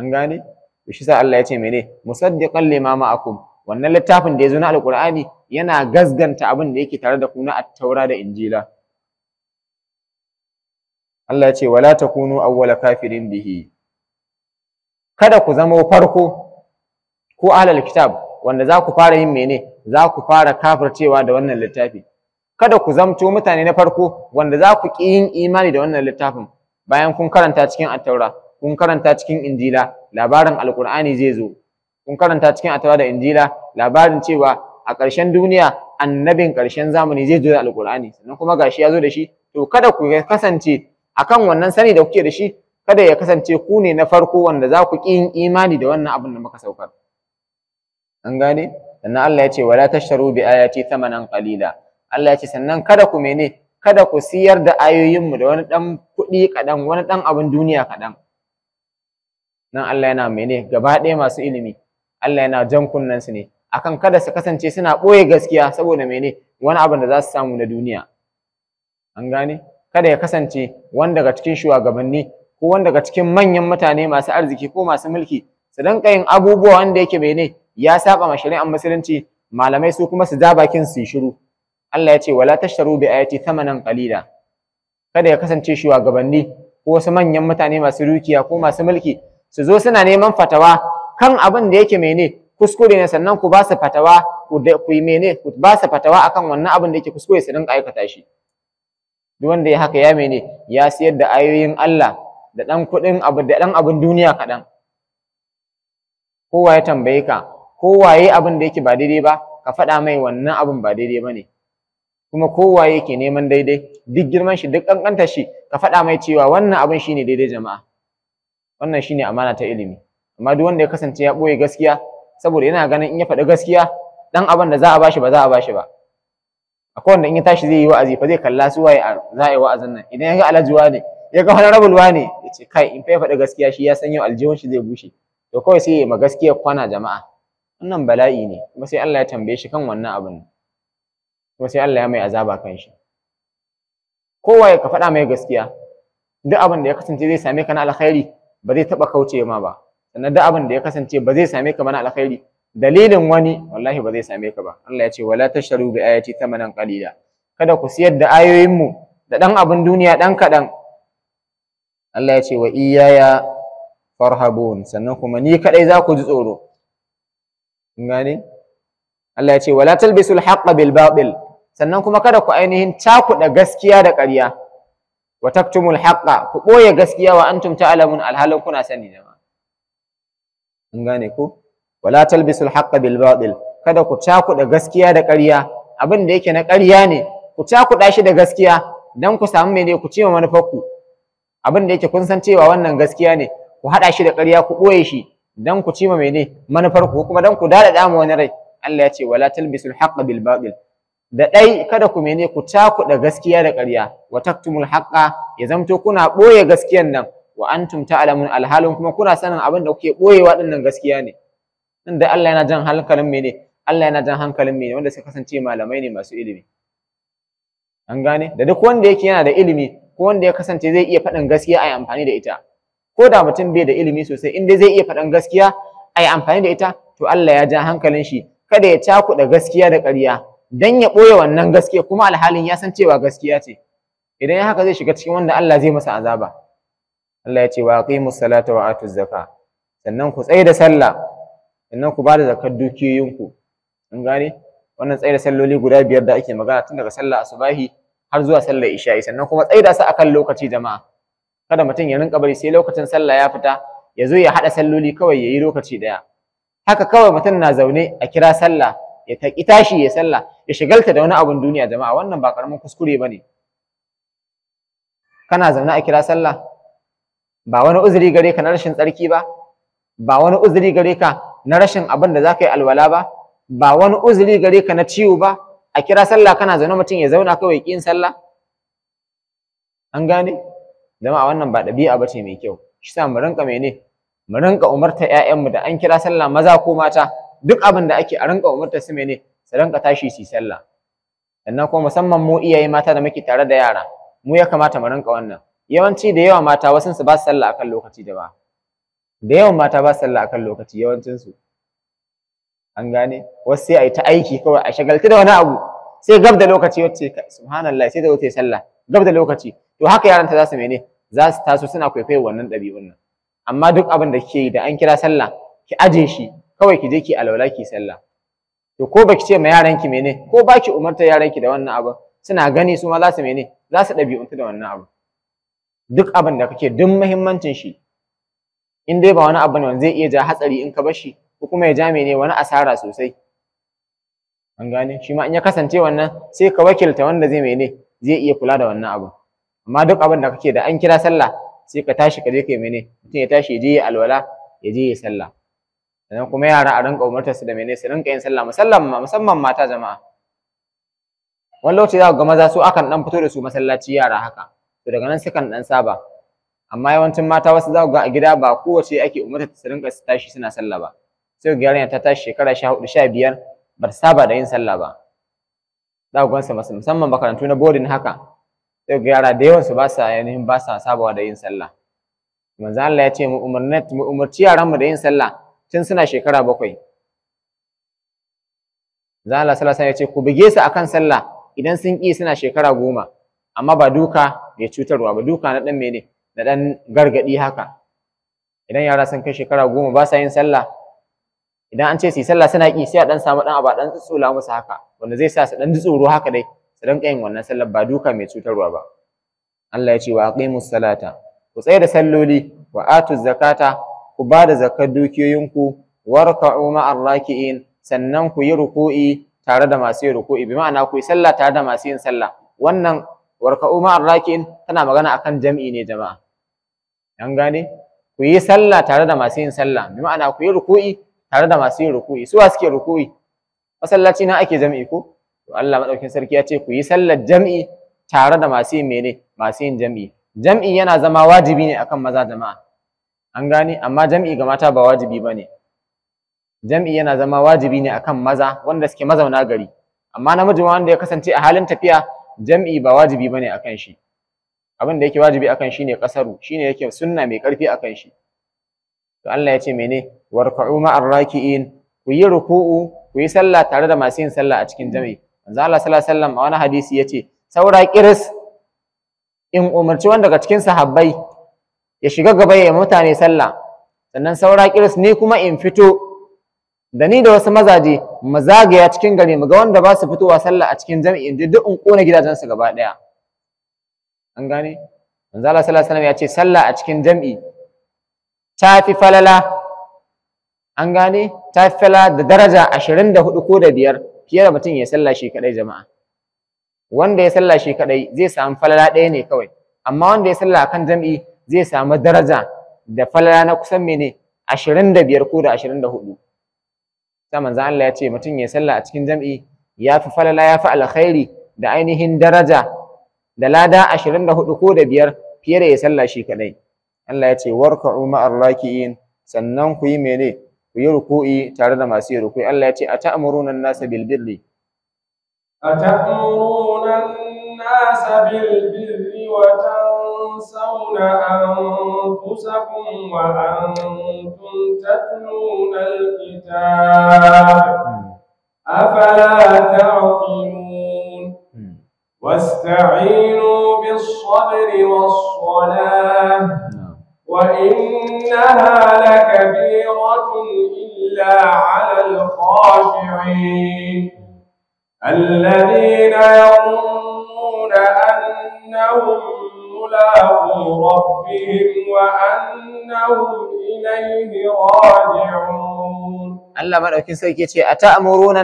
an gane shi sa Allah ya ce mene musaddiqan lima ma'akum wannan littafin da ya zo na alkur'ani yana gazganta abin da yake tare da ku na attaura da injila Allah ya ce wala takunu awwala kafirin bihi kada ku zama farko ko ahlul kitab wanda za ku fara yin mene za ku fara kafircewa da wannan littafi kada ku zamto mutane na farko wanda za ku ƙi yin imani da wannan littafin bayan kun karanta cikin attaura kun karanta cikin injila labarin alkur'ani zai zo kun karanta cikin atawa da injila labarin cewa a ƙarshen duniya annabin ƙarshen zamani zai zo da alƙur'ani sannan kuma gashi ya zo da shi to kada ku kasance akan wannan sani da kuke da shi kada ya kasance ku ne na farko wanda za ku ƙi yin imani da wannan abin da muka saukar an gane sannan Allah ya ce wala tashtaru bi ayati thamanan qalila Allah ya ce sannan kada ku mene kada ku siyar da ayoyin mu da wani dan kuɗi kaɗan wani dan abin duniya kadan nan Allah yana mene gaba ɗaya masu ilimi Allah yana jan kunnen su ne akan kada su kasance suna ɓoye gaskiya saboda mene wani abu da za su samu na duniya an gane kada ya kasance wani daga cikin shugabanni ko wani daga cikin manyan mutane masu arziki ko masu mulki su dinga yin abubuwa wanda yake mene ya saba ma shari'ar musulunci malamai su kuma su ja bakin su yi shiru Allah ya ce wala tashtaru bi ayati thamanan qalila kada ya kasance shugabanni ko wasu manyan mutane masu dukiya ko masu mulki su zo suna neman fatawa kan abin da yake mene kuskure ne sannan ku ba su fatawa ku yi mene ku ba su fatawa akan wannan abin da yake kuskure su rinka aikata shi duk wanda ya haka ya mene ya siyar da ayoyin Allah da dan kuɗin abu da dan abin duniya kaɗan kowa ya tambaye ka kowa yayi abin da yake ba daidai ba ka faɗa mai wannan abin ba daidai ba ne kuma kowa ke neman daidai duk girman shi duk ƙanƙanta shi ka faɗa mai cewa wannan abin shine daidai jama'a wannan shine amana ta ilimi amma duk wanda ya kasance ya ɓoye gaskiya saboda yana ganin in ya faɗi gaskiya dan abin da za a bashi ba za a bashi ba akwai wanda in ya tashi zai yi wa'azi fa zai kalla su waye za a yi wa'azin nan idan ya ga alajuwa ne ya ga honorable ne ya ce kai in fa ya faɗi gaskiya shi ya san yau aljihun shi zai bushe to kawai sai ya yi ma gaskiya kwana jama'a wannan bala'i ne kuma sai Allah ya tambaye shi kan wannan abin kuma sai Allah ya mai azaba kan shi kowa ya ka faɗa mai gaskiya duk abin da ya kasance zai same ka na alkhairi ba zai taɓa kauce ma ba sannan duk abin da ya kasance ba zai same ka mana na alkhairi dalilin wani wallahi ba zai same ka ba Allah ya ce wala tasharu bi ayati thamanan qalila kada ku siyar da ayoyin mu da dan abin duniya dan kadan Allah ya ce wa iyaya farhabun sannan kuma ni kadai za ku ji tsoro gane Allah ya ce wala talbisul haqqo bil batil sannan kuma kada ku ainihin cakuɗa gaskiya da ƙarya wa taktumul haqqo ku ɓoye gaskiya wa antum ta'lamun alhalin kuna sani ne an gane ko wala talbisul haqqa bil batil kada ku cakuɗa gaskiya da ƙarya abin da yake na ƙarya ne ku cakuɗa shi da gaskiya dan ku samu mene ku ce manufar ku abin da yake kun san cewa wannan gaskiya ne ku haɗa shi da ƙarya ku boye shi dan ku cima mene manufar ku kuma dan ku dada dama wani rai Allah ya ce wala talbisul haqqa bil batil da ɗai kada ku mene ku cakuɗa gaskiya da ƙarya wa taktumul haqqo ya zamto kuna ɓoye gaskiyan nan wa antum ta'lamun alhalin kuma kuna sanin abin da kuke boyewa dinnan gaskiya ne nan da Allah yana jan hankalin ne Allah yana jan hankalin ne wanda suka kasance malamai ne masu ilimi an gane da duk wanda yake yana da ilimi ko wanda ya kasance zai iya faɗin gaskiya yi amfani da ita ko da mutum bai da ilimi sosai inda zai iya faɗin gaskiya yi amfani da ita to Allah ya jan hankalin shi kada ya cakuɗa gaskiya da ƙarya dan ya ɓoye wannan gaskiya kuma alhalin ya san cewa gaskiya ce idan ya haka zai shiga cikin wanda Allah zai masa azaba Allah ya ce wa aqimus salata wa atuz zaka sannan ku tsaye da sallah sannan ku bada zakar dukiyoyinku an gane wannan tsaye da salloli guda biyar da ake magana tun daga sallah asubahi har zuwa sallar isha'i sannan kuma tsaye da su akan lokaci jama'a kada mutum ya rinka bari sai lokacin sallah ya fita ya zo ya haɗa salloli kawai ya yi lokaci daya haka kawai mutum na zaune a kira sallah ya taƙi tashi ya sallah ya shigalta da wani abun duniya jama'a wannan ba ƙaramin kuskure ba kana zaune a kira sallah ba wani uzuri gare ka na rashin tsarki ba ba wani uzuri gare ka na rashin abin da za ka yi alwala ba ba wani uzuri gare ka na ciwo ba a kira sallah kana zaune mutum ya zauna kawai ƙin sallah an gane Zama a wannan ba ɗabi'a ba ce mai kyau shi sa mu rinka ne mu rinka umarta ƴaƴanmu da an kira sallah maza ko mata duk abin da ake a rinka umarta su ne su rinka tashi su sallah sannan kuma musamman mu iyaye mata da muke tare da yara mu ya kamata mu rinka wannan yawanci da yawa mata wasansu su ba su sallah akan lokaci da ba da yawan mata ba su sallah akan lokaci yawancin an gane wasu sai a yi ta aiki kawai a shagaltu da wani abu sai gab da lokaci wacce subhanallah sai da wata sallah gab da lokaci to haka yaran ta za su mene za su taso suna kwaikwayo wannan ɗabi'un nan amma duk abin da kike yi da an kira sallah ki aje shi kawai ki je ki alwala ki sallah to ko baki ce ma yaran ki mene ko baki umarta yaran ki da wannan abu suna gani su ma za su mene za su ɗabi'untu da wannan abu duk abin da kake duk muhimmancin shi in dai ba wani abu ne wanda zai iya ja hatsari in ka bashi? ko kuma ya ja mene wani asara sosai an gane shi ma in ya kasance wannan sai ka wakilta wanda zai mene zai iya kula da wannan abu amma duk abin da kake da an kira sallah sai ka tashi ka je kai mene mutum ya tashi ya je ya alwala ya je ya sallah sannan kuma yara a rinka umartar su da mene su rinka yin sallah musamman musamman mata jama'a wani lokaci za ga maza su akan dan fito da su masallaci yara haka to daga nan sukan dan saba amma yawancin mata wasu za ga a gida ba kowace ake umarta ta rinka tashi suna sallah ba sai ga yarinya ta tashi shekara sha biyar ba ta saba da yin sallah ba za ku su musamman makarantu na boarding haka sai ga yara da yawan su ba sa ainihin ba sa sabawa da yin sallah manzo Allah ya ce mu umarnat mu umarci yaran mu da yin sallah tun suna shekara bakwai Zala sallallahu alaihi ya ce ku buge su akan sallah idan sun ki suna shekara goma amma ba duka mai cutarwa ba duka na ɗan mene na ɗan gargaɗi haka idan yara sun kai shekara goma ba sa yin sallah idan an ce su yi sallah suna ƙi sai a ɗan samu ɗan aba ɗan tsula musu haka wanda zai sa su ɗan tsoro haka dai su ɗan yin wannan sallar ba duka mai cutarwa ba Allah ya ce wa aqimus salata ku tsaya da salloli wa atu zakata ku ba da zakar dukiyoyinku warka'u ma'ar raki'in sannan ku yi ruku'i tare da masu yin ruku'i bi ma'ana ku yi sallah tare da masu yin sallah wannan warka'u ma'ar raki'in tana magana akan jam'i ne jama'a an gane ku yi sallah tare da masu yin sallah bi ma'ana ku yi ruku'i tare da masu yin ruku'i suwa suke ruku'i masallaci na ake jam'i ko to Allah madaukin sarki ya ce ku yi sallar jam'i tare da masu yin mene masu yin jam'i jam'i yana zama wajibi ne akan maza jama'a an gane amma jam'i ga mata ba wajibi bane jam'i yana zama wajibi ne akan maza wanda suke mazauna gari amma namiji wanda ya kasance a halin tafiya jam'i ba wajibi bane akan shi abin da yake wajibi akan shi ne kasaru shine yake sunna mai karfi akan shi to Allah ya ce mene warka'u ma'ar raki'in ku yi ruku'u ku yi sallah tare da masu yin sallah a cikin jami'i manzo Allah sallallahu alaihi wasallam a wani hadisi yace saura qiris in umarci wanda ga cikin sahabbai ya shiga gaba ya mutane sallah sannan saura qiris ni kuma in fito da ni da wasu mazaje mu zagaya cikin gari mu ga wanda ba su fitowa sallah a cikin jami'i in duk in kona su gaba daya an gane manzo Allah sallallahu alaihi wasallam ya ce sallah a cikin jami'i ta fi falala an gane ta fi falala da daraja 24 ko da biyar fiye da mutum ya sallah shi kadai jama'a wanda ya sallah shi kadai zai samu falala ɗaya ne kawai amma wanda ya sallah kan jami'i zai samu daraja da falala na kusan mene 25 ko da 24 sai manzo Allah ya ce mutum ya sallah a cikin jam'i ya fi falala ya fi alkhairi da ainihin daraja da lada 24 ko da biyar fiye da ya sallah shi kadai Allah ya ce warka'u ma'ar raki'in sannan ku yi mene ku yi ruku'i tare da masu yi ruku'i Allah ya ce a an-nasa bil birri nasa bil birri wa تنسون أنفسكم وأنتم تتلون الكتاب أفلا تعقلون واستعينوا بالصبر والصلاة وإنها لكبيرة إلا على الخاشعين الذين يظنون أنهم allah maɗaukin Allah إليه راجعون الله مدعوكين سيكيتي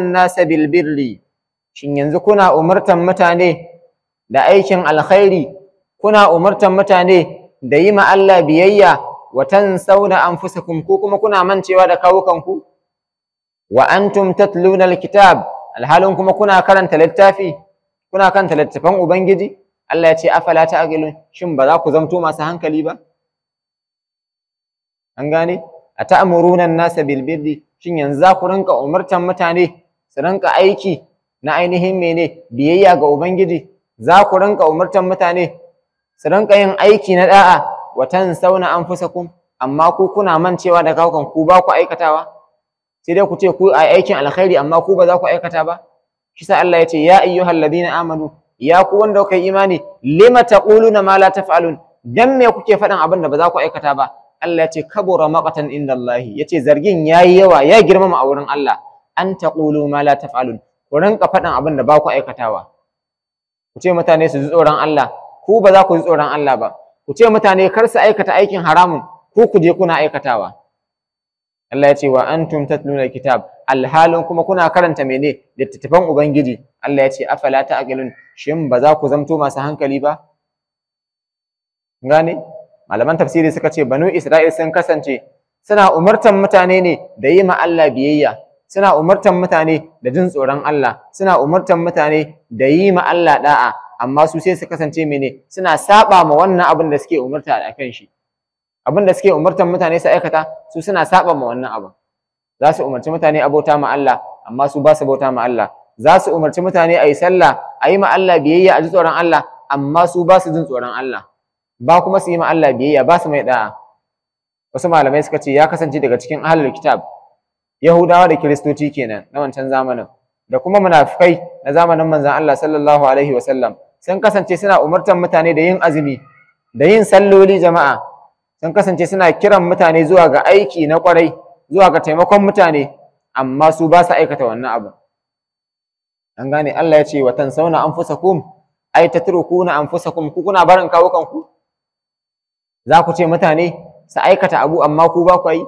nasa shin yanzu kuna umartan mutane da aikin alkhairi kuna umartan mutane da yi ma Allah biyayya wa tansawna anfusakum ko kuma kuna mancewa da kawukanku wa antum tatluna alkitab alhalin kuma kuna karanta littafi kuna karanta littafan ubangiji Allah ya ce afala ta'qilun shin ba za ku zamto masu hankali ba an gane ata'muruna an-nasa bil birri shin yanzu za ku rinka umurtan mutane su rinka aiki na ainihin mene biyayya ga ubangiji za ku rinka umurtan mutane su rinka yin aiki na da'a wa tansawna anfusakum amma ku kuna mancewa da kawukan ku ba ku aikatawa sai dai ku ce ku a aikin alkhairi amma ku ba za ku aikata ba shi Allah ya ce ya ayyuhal ladina amanu ya ku wanda kuka yi imani lima taquluna ma la taf'alun dan me kuke faɗin abin da ba za ku aikata ba Allah ya ce kabura maqatan Ya ce zargin yayi yawa ya girmama a wurin Allah an taqulu ma la taf'alun ku rinka faɗin abin da ba ku aikatawa ku ce mutane su ji tsoron Allah ku ba za ku ji tsoron Allah ba ku ce mutane kar su aikata aikin haramun ku ku je kuna aikatawa Allah ya ce wa antum tatluna kitab alhalin kuma kuna karanta mene littattafan ubangiji Allah ya ce afala ta'qilun shin ba za ku zamto masu hankali ba gane malaman tafsiri suka ce banu isra'il sun kasance suna umartan mutane ne da yi ma Allah biyayya suna umartan mutane da jin tsoron Allah suna umartan mutane da yi ma Allah da'a amma su sai su kasance mene suna saba ma wannan abin da suke umarta a kan shi abin da suke umartan mutane su aikata su suna saba ma wannan abin za su umarci mutane abota ma Allah amma su ba su bauta ma Allah za su umarci mutane a yi sallah a yi ma Allah biyayya a ji tsoron Allah amma su ba su jin tsoron Allah ba kuma su yi ma Allah biyayya ba su mai da'a wasu malamai suka ce ya kasance daga cikin ahlul kitab yahudawa da kiristoci kenan na wancan zamanin da kuma munafikai na zamanin manzon Allah sallallahu alaihi wasallam sun kasance suna umartan mutane da yin azumi da yin salloli jama'a sun kasance suna kiran mutane zuwa ga aiki na kwarai zuwa ga taimakon mutane amma su ba su aikata wannan abu an gane Allah ya ce wa tan tansawna anfusakum ai tatrukuna anfusakum ku kuna barin kawo kanku za ku ce mutane su aikata abu amma ku ba ku yi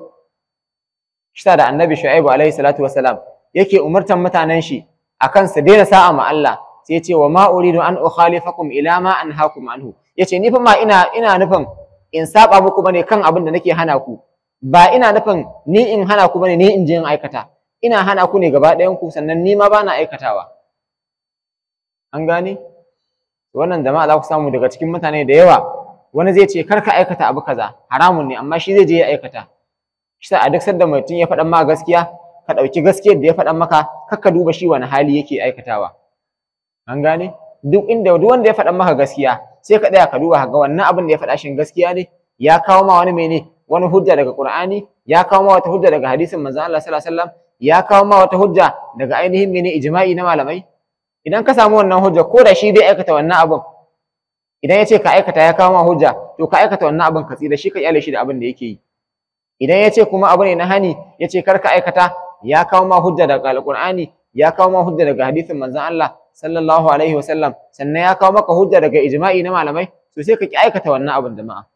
shi da annabi shu'aibu alaihi salatu wasalam yake umurtan mutanen shi akan su daina sa'a ma Allah sai ya ce wa ma uridu an ukhalifakum ila ma anhaakum anhu yace ni fa ma ina ina nufin in saba muku bane kan abin da nake hana ku ba ina nufin ni in hana ku bane ni in je in aikata ina hana ku ne gaba ɗayan ku sannan ni ma bana aikatawa an gane wannan jama'a za ku samu daga cikin mutane da yawa wani zai ce karka aikata abu kaza haramun ne amma shi zai je ya aikata shi a duk sanda mutum ya faɗan ma gaskiya ka ɗauki gaskiyar da ya faɗan maka kar duba shi wani hali yake aikatawa an gane duk inda duk wanda ya faɗan maka gaskiya sai ka tsaya ka duba ga wannan abin da ya faɗa shin gaskiya ne ya kawo ma wani mene wani hujja daga Qur'ani ya kawo ma wata hujja daga hadisin manzon Allah sallallahu alaihi wasallam ya kawo ma wata hujja daga ainihin mene ijma'i na malamai idan ka samu wannan hujja ko da shi bai aikata wannan abin idan ya ce ka aikata ya kawo ma hujja to ka aikata wannan abin ka tsira shi ka kyale shi da abin da yake yi idan ya ce kuma abu ne na hani ya ce kar ka aikata ya kawo ma hujja daga alqur'ani ya kawo ma hujja daga hadisin manzon Allah sallallahu alaihi wa sallam, sannan ya kawo maka hujja daga ijma'i na malamai to sai ka ki aikata wannan abin jama'a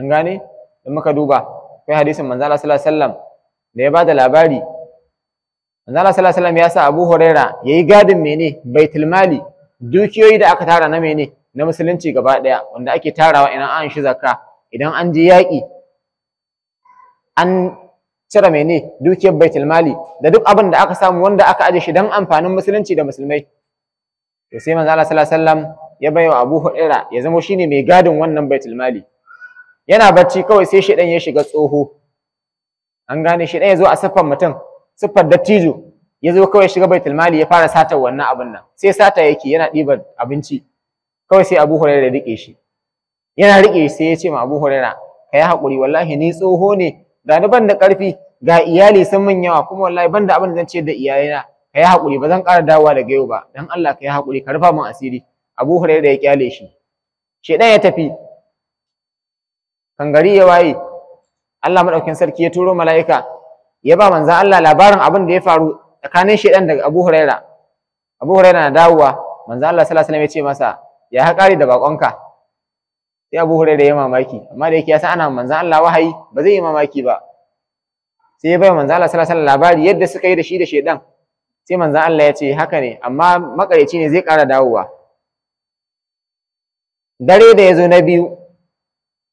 an gane dan muka duba kai hadisin manzo Allah sallallahu alaihi sallam da ya bada labari manzo Allah sallallahu alaihi sallam ya sa Abu Huraira yayi gadin mene baitul mali dukiyoyi da aka tara na mene na musulunci gaba daya wanda ake tarawa idan an shi zakka idan an je yaƙi an cire mene dukiyar baitul mali da duk abin da aka samu wanda aka aje shi dan amfanin musulunci da musulmai to sai manzo Allah sallallahu alaihi wasallam ya bayyana Abu Huraira ya zama shine mai gadin wannan baitul mali yana barci kawai sai shi ɗan ya shiga tsoho an gane shi ɗan ya zo a siffar mutum siffar dattijo ya zo kawai shiga baitul mali ya fara sata wannan abin nan sai sata yake yana ɗibar abinci kawai sai Abu Huraira ya rike shi yana rike shi sai ya ce ma Abu Huraira kai hakuri wallahi ni tsoho ne da ni ban da ƙarfi ga iyali sun mun yawa kuma wallahi banda da abin da zan ce da iyayena ka yi haƙuri ba zan ƙara dawowa daga yau ba dan Allah ka hakuri ka rufa mun asiri Abu Hurairah ya kyale shi shedan ya tafi kangari ya waye Allah madaukin sarki ya turo mala'ika ya ba manzon Allah labarin abin da ya faru tsakanin shedan da Abu Hurairah Abu Hurairah na dawowa manzon Allah sallallahu alaihi wasallam ya ce masa ya haƙari da bakonka sai Abu Hurairah ya mamaki amma da yake ya san ana manzo Allah wahayi ba zai yi mamaki ba sai ya bai manzo Allah sallallahu alaihi wasallam labari yadda suka yi da shi da shedan sai manzo Allah ya ce haka ne amma makareci ne zai ƙara dawowa dare da ya zo na biyu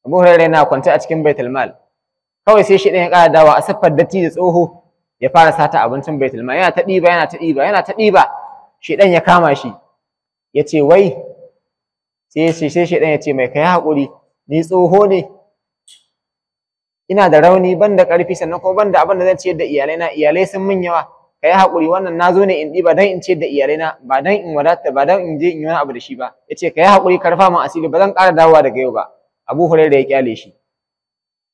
Abu Hurairah yana kwance a cikin Baitul Mal kawai sai shedan ya ƙara dawowa a saffar datti da tsoho ya fara sata abincin Baitul Mal yana ta ba, yana ta ba, yana ta ɗiba shedan ya kama shi ya ce wai sai shi sai shedan ya ce mai kai hakuri ni tsoho ne ina da rauni banda karfi sannan ko ban da abin da zan ciyar da iyalai na iyalai sun min yawa kai hakuri wannan nazo ne in diba dan in ciyar da iyalai na ba dan in wadata ba dan in je in yi wani abu da shi ba yace kai hakuri karfa min asiri ba zan kara dawowa daga yau ba Abu Hurairah ya kyale shi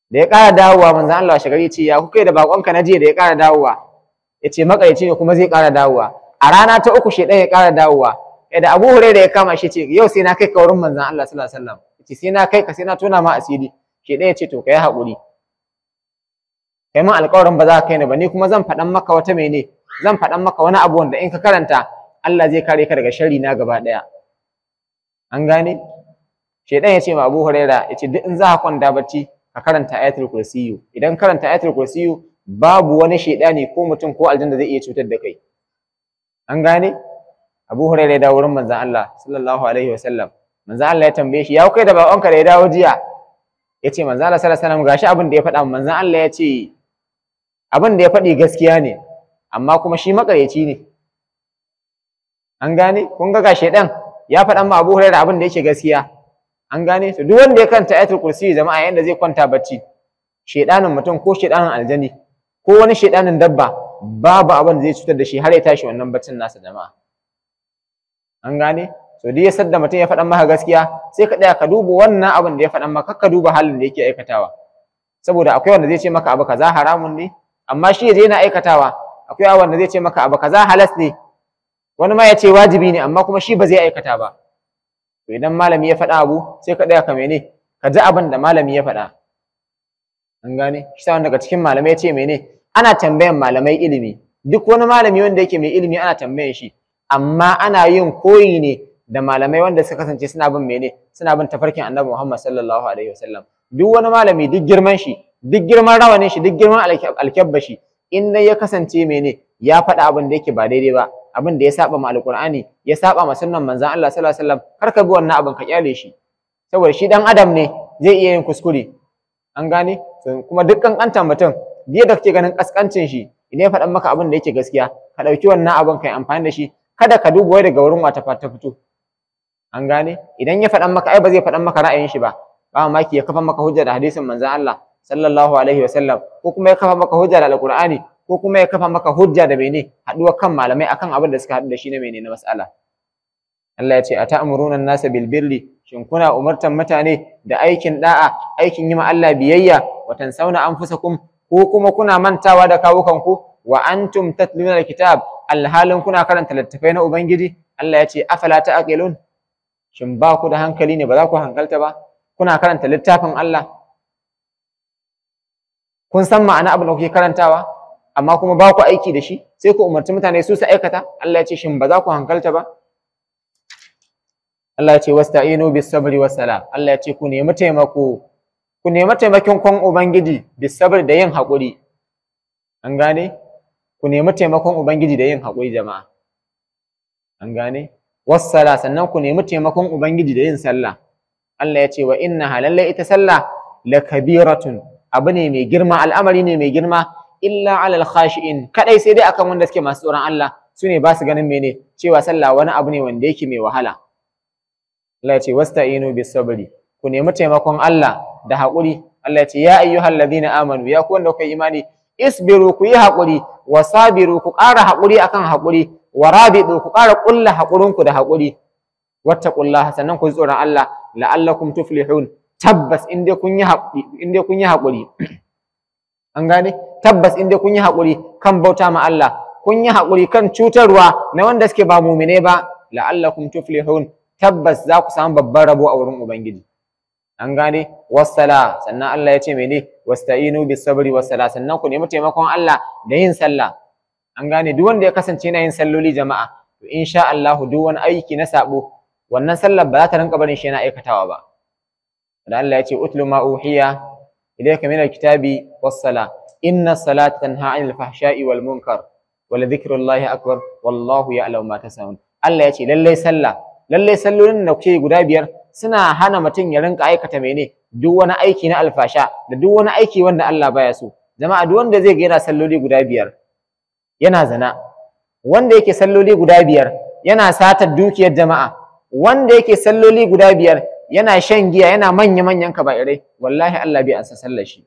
da ya kara dawowa manzon Allah shagari ce ya kuke da bakonka na jiya da ya kara dawowa yace makaici ne kuma zai kara dawowa a rana ta uku shedan ya kara dawowa Eh, da Abu Hurairah ya kama shi ce yau sai na kai ka wurin manzon Allah sallallahu alaihi wasallam ce sai na kai ka sai na tona ma asiri shi ɗaya ce to yi haƙuri kai mun alƙawarin ba za ka kai ni ba ni kuma zan faɗan maka wata ne zan faɗan maka wani abu wanda in ka karanta Allah zai kare ka daga sharri na gaba ɗaya an gane shedan ya ce ma Abu Huraira ya ce duk in za ka kwanta barci ka karanta ayatul kursiyu idan karanta ayatul kursiyu babu wani ne ko mutum ko aljanna zai iya cutar da kai an gane Abu Hurairah ya dawo wurin manzon Allah sallallahu alaihi wasallam manzon Allah ya tambaye shi ya kai da babanka da ya dawo jiya yace manzon Allah sallallahu alaihi wasallam gashi abin da ya faɗa manzon Allah ya ce abin da ya faɗi gaskiya ne amma kuma shi makareci ne an gane kun ga gashi dan ya faɗa ma Abu Hurairah abin da yake gaskiya an gane to duk wanda ya kanta ayatul kursi jama'a yanda zai kwanta bacci shedanin mutum ko shedanin aljani ko wani shedanin dabba babu abin da zai cutar da shi har ya tashi wannan baccin nasa jama'a an gane so duk yasar da mutum ya faɗan maka gaskiya sai ka tsaya ka duba wannan abin da ya faɗan maka ka duba halin da yake aikatawa saboda akwai wanda zai ce maka abu kaza haramun ne amma shi yaje yana aikatawa akwai wanda zai ce maka abu kaza halas ne wani ma ya ce wajibi ne amma kuma shi ba zai aikata ba to idan malami ya faɗa abu sai ka ka mene ka ji abin da malami ya faɗa an gane shi sa daga cikin malamai ya ce mene ana tambayan malamai ilimi duk wani malami wanda yake mai ilimi ana tambayan shi amma ana yin koyi ne da malamai wanda suka kasance suna bin mene suna bin tafarkin annabi Muhammad sallallahu alaihi wasallam duk wani malami duk girman shi duk girman rawanin shi duk girman alkyabba shi in dai ya kasance mene ya faɗa abin da yake ba daidai ba abin da ya saba ma alqur'ani ya saba ma sunnan manzon Allah sallallahu alaihi wasallam kar ka bi wannan abin ka kyale shi saboda shi dan adam ne zai iya yin kuskure an gane kuma duk kankantan mutum biye da kake ganin kaskancin shi idan ya faɗa maka abin da yake gaskiya ka ɗauki wannan abin kai amfani da shi kada ka duba wai daga wurin wata ta fito an gane idan ya faɗan maka ai ba zai faɗan maka ra'ayin shi ba ba mamaki ya kafa maka hujja da hadisin manzon Allah sallallahu alaihi wasallam ko kuma ya kafa maka hujja da alqur'ani ko kuma ya kafa maka hujja da menene, haɗuwa kan malamai akan abin da suka haɗu da shi ne menene, na mas'ala Allah ya ce a an nasa bil birri shin kuna umartan mutane da aikin da'a aikin yi ma Allah biyayya wa tansawna anfusakum ko kuma kuna mantawa da kawukan ku wa antum tatluna alkitab alhalin kuna karanta littafai na ubangiji Allah ya ce afala aƙilun, shin ba ku da hankali ne ba za ku hankalta ba kuna karanta littafin Allah kun san ma'ana abin da kuke karantawa amma kuma ba ku aiki da shi sai ku umarci mutane su su aikata Allah ya ce shin ba za ku hankalta ba Allah ya ce wasta'inu bis sabri was salam Allah ya ce ku nemi taimako ku nemi taimakon ubangiji bi sabari da yin haƙuri an gane ku nemi taimakon ubangiji da yin haƙuri jama'a an gane wassala sannan ku nemi taimakon ubangiji da yin sallah Allah ya ce wa inna halalla ita sallah la kabiratun abu ne mai girma al'amari ne mai girma illa alal khashi'in kadai sai dai akan wanda suke masu tsoron Allah su ne ba su ganin mene cewa sallah wani abu ne wanda yake mai wahala Allah ya ce wasta'inu bis sabri ku nemi taimakon Allah da haƙuri Allah ya ce ya ayyuhal ladina amanu ya ku wanda kuka imani isbiru ku yi haƙuri wa sabiru ku ƙara haƙuri akan haƙuri wa rabiɗu ku ƙara ƙulla haƙurinku da haƙuri Wata ƙulla sannan ku tsoron Allah la'allakum tuflihun tabbas inda kun yi haƙuri an gane tabbas inda kun yi haƙuri kan bauta ma Allah kun yi haƙuri kan cutarwa na wanda suke ba mumine ba la'allakum tuflihun tabbas za ku samu babban rabo a wurin ubangiji an gane wasala sannan Allah ya ce mene wasta'inu bis sabri wasala sannan ku nemi taimakon Allah da yin sallah an gane duk wanda ya kasance yana yin salloli jama'a to insha Allah duk wani aiki na sabo wannan sallar ba za ta rinka barin shi yana aikatawa ba dan Allah ya ce utlu ma uhiya ilayka min alkitabi was inna salata tanha anil fahsha'i wal munkar wala dhikrullahi akbar wallahu ya'lamu ma tasawun Allah ya ce lallai sallah lallai sallolin da kuke guda biyar suna hana mutum ya rinka aikata mene duk wani aiki na alfasha da duk wani aiki wanda Allah baya so jama'a duk wanda zai ga yana salloli guda biyar yana zina wanda yake salloli guda biyar yana satar dukiyar jama'a wanda yake salloli guda biyar yana shan giya yana manya manyan kaba'irai wallahi Allah bai ansa sallar shi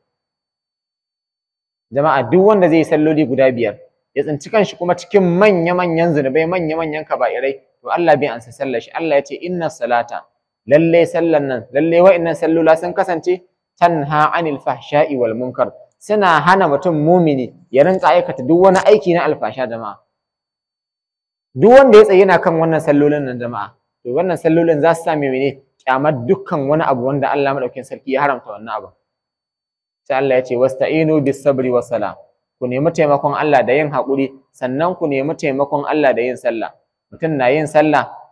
jama'a duk wanda zai salloli guda biyar ya tsinci kanshi kuma cikin manya manyan zunubai manya manyan kaba'irai to Allah bai ansa sallar shi Allah ya ce inna salata lalle sallan nan lalle wa'annan sallula sun kasance tanha anil fahsha'i wal munkar suna hana mutum mumini ya rinka aikata duk wani aiki na alfasha jama'a duk wanda ya tsaye yana kan wannan sallolin nan jama'a to wannan sallolin za su sa mai mene kyamar dukkan wani abu wanda Allah madaukakin sarki ya haramta wannan abu sai Allah ya ce wasta'inu bis sabri was sala ku nemi taimakon Allah da yin hakuri sannan ku nemi taimakon Allah da yin sallah mutum na yin sallah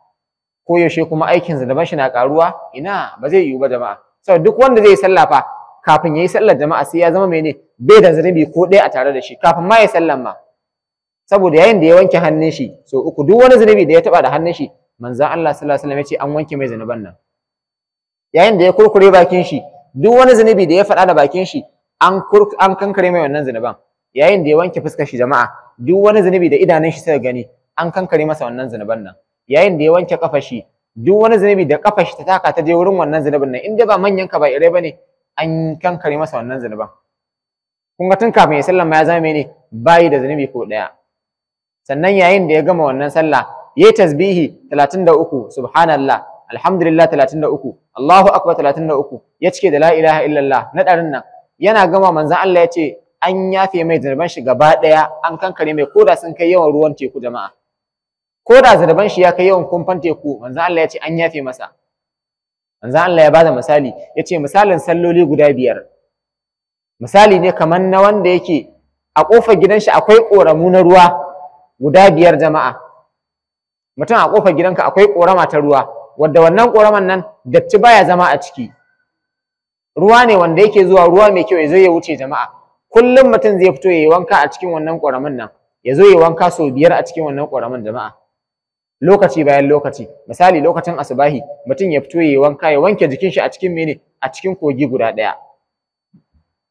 Koyaushe kuma aikin zunuban shi na karuwa ina ba zai yiwu ba jama'a sau duk wanda zai sallah fa kafin yi sallar jama'a sai ya zama mene bai da zunubi ko ɗaya a tare da shi kafin ma ya sallar ma saboda yayin da ya wanke hannun shi so uku duk wani zunubi da ya taba da hannun shi manzon Allah sallallahu alaihi wasallam ya ce an wanke mai zanuban nan yayin da ya kurkure bakin shi duk wani zunubi da ya faɗa da bakin shi an an kankare mai wannan zanuban yayin da ya wanke fuskar shi jama'a duk wani zunubi da idanun shi suka gani an kankare masa wannan zanuban nan yayin da ya wanke kafashi duk wani zunubi da kafashi ta taka ta je wurin wannan zunubin nan in dai ba manyan ka ba irai bane an kankare masa wannan zunuban kun ga tun kafin ya sallama ya zama mene bayi da zunubi ko daya sannan yayin da ya gama wannan sallah yayi tasbihi 33 subhanallah alhamdulillah 33 Allahu akbar 33 ya cike da la ilaha illallah na darin nan yana gama manzon Allah ya ce an yafe mai zunuban shi gaba daya an kankare mai koda sun kai yawan ruwan teku jama'a ko da zarban shi ya kai yawan kumfan teku manzo Allah ya ce an yafe masa manzo Allah ya bada misali ya ce misalin salloli guda biyar misali ne kamar na wanda yake a ƙofar gidan shi akwai ƙoramu na ruwa guda biyar jama'a mutum a ƙofar gidanka akwai ƙorama ta ruwa wadda wannan ƙoraman nan datti baya zama a ciki ruwa ne wanda yake zuwa ruwa mai kyau ya zo ya wuce jama'a kullum mutum zai fito ya yi wanka a cikin wannan ƙoramin nan ya zo ya yi wanka sau biyar a cikin wannan ƙoramin jama'a lokaci bayan lokaci misali lokacin asubahi mutum ya fito yayi wanka ya wanke jikin shi a cikin mene a cikin kogi guda daya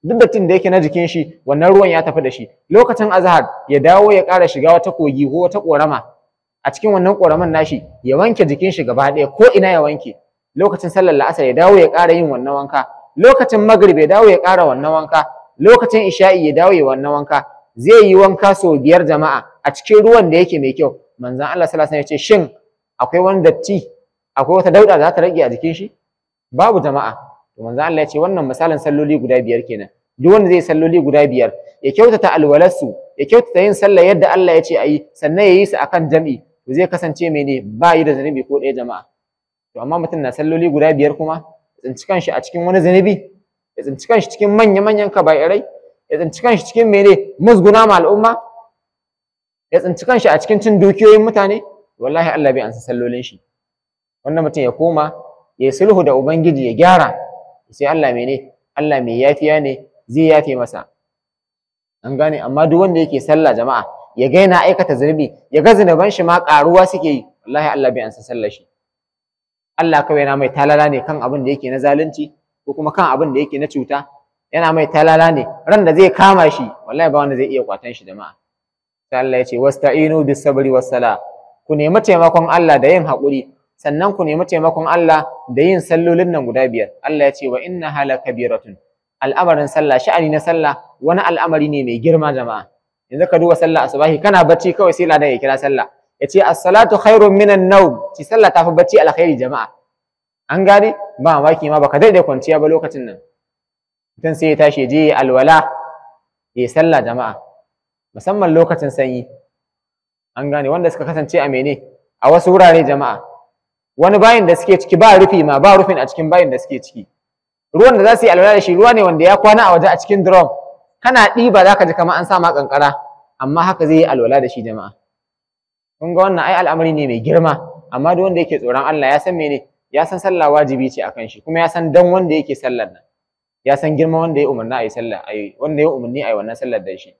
duk dattin da yake na jikin shi wannan ruwan ya tafi da shi lokacin azhar ya dawo ya ƙara shiga wata kogi ko wata ƙorama a cikin wannan ƙoraman nashi ya wanke jikin shi gaba daya ko ina ya wanke lokacin sallar la'asar ya dawo ya ƙara yin wannan wanka lokacin maghrib ya dawo ya ƙara wannan wanka lokacin isha'i ya dawo ya wannan wanka zai yi wanka sau biyar jama'a a cikin ruwan da yake mai kyau manzan Allah sallallahu ya ce shin akwai wani datti akwai wata dauda da za ta rage a jikin shi babu jama'a to Allah ya ce wannan misalin salloli guda biyar kenan duk wanda zai salloli guda biyar ya kyautata alwalarsu ya kyautata yin sallah yadda Allah ya ce ayi sannan ya yi su akan jam'i to zai kasance mene ba yi da zanubi ko ɗaya jama'a to amma mutum na salloli guda biyar kuma ya tsinci kanshi a cikin wani zanubi ya tsinci kanshi cikin manya-manyan kaba'irai ya tsinci kanshi cikin mene musguna ma al'umma ya tsinci kanshi a cikin cin dukiyoyin mutane wallahi Allah bai ansa sallolin shi wannan mutum ya koma ya sulhu da ubangiji ya gyara sai Allah mene Allah mai yafiya ne zai yafe masa an gane amma duk wanda yake sallah jama'a ya ga aikata zunubi ya ga zunuban shi ma karuwa suke yi wallahi Allah bai ansa sallar shi Allah kawai yana mai talala ne kan abin da yake na zalunci ko kuma kan abin da yake na cuta yana mai talala ne ran da zai kama shi wallahi ba wanda zai iya kwatan shi jama'a sai Allah ya ce wasta'inu bis sabri ku nemi taimakon Allah da yin haƙuri sannan ku nemi taimakon Allah da yin sallolin nan guda biyar Allah ya ce wa inna hala kabiratun al'amarin sallah sha'ani na sallah wani al'amari ne mai girma jama'a yanzu ka duba sallah asubahi kana bacci kawai sai ladan ya kira sallah ya ce as-salatu khairun minan nawm ci sallah tafi bacci alkhairi jama'a an gane ba mamaki ma baka daidai kwanciya ba lokacin nan mutum sai ya tashi ya je alwala ya sallah jama'a musamman lokacin sanyi an gane wanda suka kasance a mene a wasu wurare jama'a wani bayin da suke ciki ba rufi ma ba rufin a cikin bayin da suke ciki ruwan da za su yi alwala da shi ruwa ne wanda ya kwana a waje a cikin drum kana ɗiba za ka ji kama an sa ma kankara amma haka zai yi alwala da shi jama'a kun ga wannan ai al'amari ne mai girma amma duk wanda yake tsoron Allah ya san mene ya san sallah wajibi ce akan shi kuma ya san dan wanda yake sallar nan ya san girma wanda ya umarna a yi sallah wanda ya umarni a yi wannan sallar da shi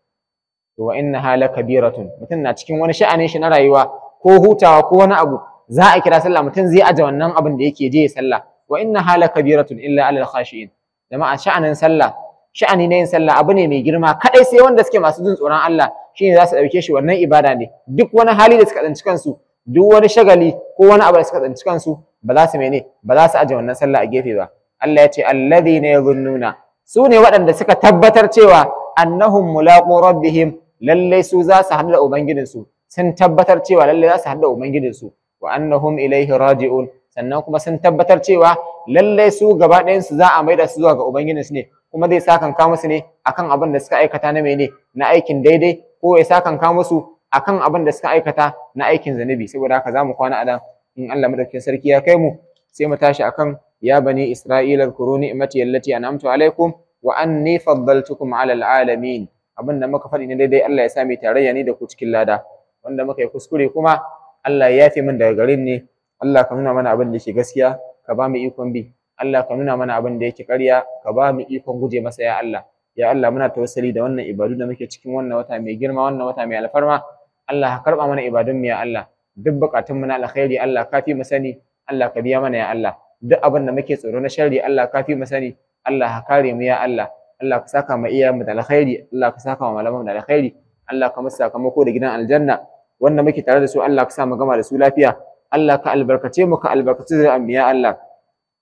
to wa innaha lakabiratun mutum na cikin wani sha'anin shi na rayuwa ko hutawa ko wani abu za a kira sallah mutum zai aje wannan abin da yake je ya sallah wa hala Kabiratun, illa alal khashiin jama'a sha'anin sallah sha'ani na yin sallah abu ne mai girma kadai sai wanda suke masu jin tsoron Allah shine za su dauke shi wannan ibada ne duk wani hali da suka tsinci kansu duk wani shagali ko wani abu da suka tsanci kansu ba za su mene ba za su aje wannan sallah a gefe ba Allah ya ce alladhina yadhunnuna su ne waɗanda suka tabbatar cewa annahum mulaqu rabbihim lalle su za su haɗu da ubangijinsu sun tabbatar cewa lalle za su haɗu da ubangijinsu wa annahum ilaihi raji'un sannan kuma sun tabbatar cewa lalle su gaba ɗayan su za a maida su zuwa ga ubangijinsu ne kuma zai sa kanka musu ne akan abin da suka aikata na mene na aikin daidai ko ya kanka musu akan abin da suka aikata na aikin zanibi saboda haka zamu kwana a nan in Allah madaukakin sarki ya kai mu sai mu tashi akan ya bani isra'ila kuruni imati allati an'amtu alaikum wa anni faddaltukum ala alamin abin da muka faɗi ne daidai Allah ya sa tare tarayya ne da ku cikin lada wanda muka yi kuskure kuma Allah ya yafe min daga garin ne Allah ka nuna mana abin da yake gaskiya ka ba mu ikon bi Allah ka nuna mana abin da yake karya ka ba mu ikon guje masa ya Allah ya Allah muna tawassali da wannan ibadu da muke cikin wannan wata mai girma wannan wata mai alfarma Allah ka karba mana ibadun mu ya Allah duk bukatun mu na alkhairi Allah ka fi mu sani Allah ka biya mana ya Allah duk abin da muke tsoro na sharri Allah ka fi mu sani Allah ka kare mu ya Allah Allah ka saka mu iyayenmu da alkhairi Allah ka saka mu malamanmu da alkhairi Allah ka masa sakamako da gidan aljanna wanda muke tare da su Allah ka sa mu gama da su lafiya Allah ka albarkace mu ka albarkace zuri'an mu ya Allah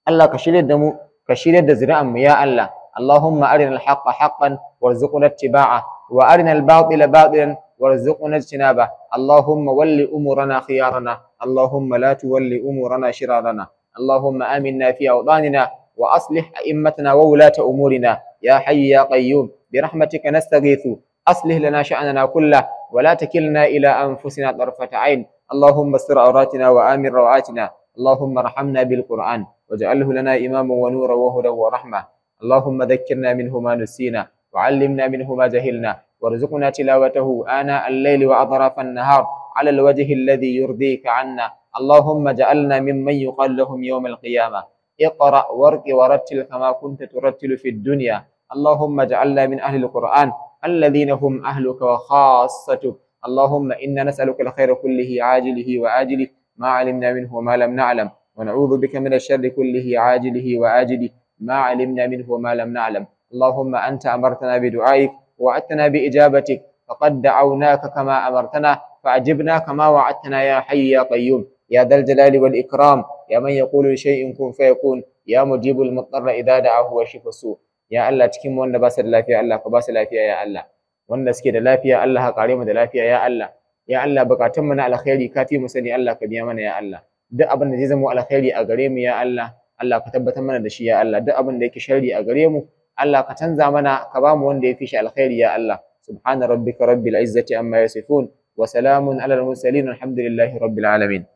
Allah ka shirya da mu ka shirye da zuri'an mu ya Allah Allahumma arina al-haqqa haqqan warzuqna ittiba'a wa arina al-batila batilan وارزقنا اجتنابه اللهم ول أمورنا خيارنا اللهم لا تول أمورنا شرارنا اللهم آمنا في أوطاننا وأصلح أئمتنا وولاة أمورنا يا حي يا قيوم برحمتك نستغيث أصلح لنا شأننا كله ولا تكلنا إلى أنفسنا طرفة عين اللهم استر عوراتنا وآمن روعاتنا اللهم ارحمنا بالقرآن واجعله لنا إماما ونورا وهدى ورحمة اللهم ذكرنا منه ما نسينا وعلمنا منه ما جهلنا وارزقنا تلاوته آناء الليل وأطراف النهار على الوجه الذي يرضيك عنا اللهم اجعلنا ممن يقال لهم يوم القيامة اقرأ وارق ورتل كما كنت ترتل في الدنيا اللهم اجعلنا من أهل القرآن الذين هم أهلك وخاصتك اللهم إنا نسألك الخير كله عاجله وآجله ما علمنا منه وما لم نعلم ونعوذ بك من الشر كله عاجله وآجله ما علمنا منه وما لم نعلم اللهم أنت أمرتنا بدعائك وعدتنا بإجابتك فقد دعوناك كما أمرتنا فأجبنا كما وعدتنا يا حي يا قيوم يا ذا الجلال والإكرام يا من يقول لشيء كن فيكون يا مجيب المضطر إذا دعاه وشف السوء يا الله cikin wanda ba su da lafiya Allah ka ba su lafiya ya Allah wanda suke da lafiya Allah ka kare mu da lafiya ya Allah ya Allah bukatun mu na alkhairi ka fi mu sani Allah ka biya mana ya Allah duk abin da zai zama alkhairi a gare mu ya Allah Allah ka tabbatar mana da shi ya Allah duk abin da yake sharri a gare mu Allah ka canza mana ka ba mu wanda ya fi shi alkhairi ya Allah subhana rabbika rabbil izzati amma yasifun wa salamun alal mursalin alhamdulillahi rabbil alamin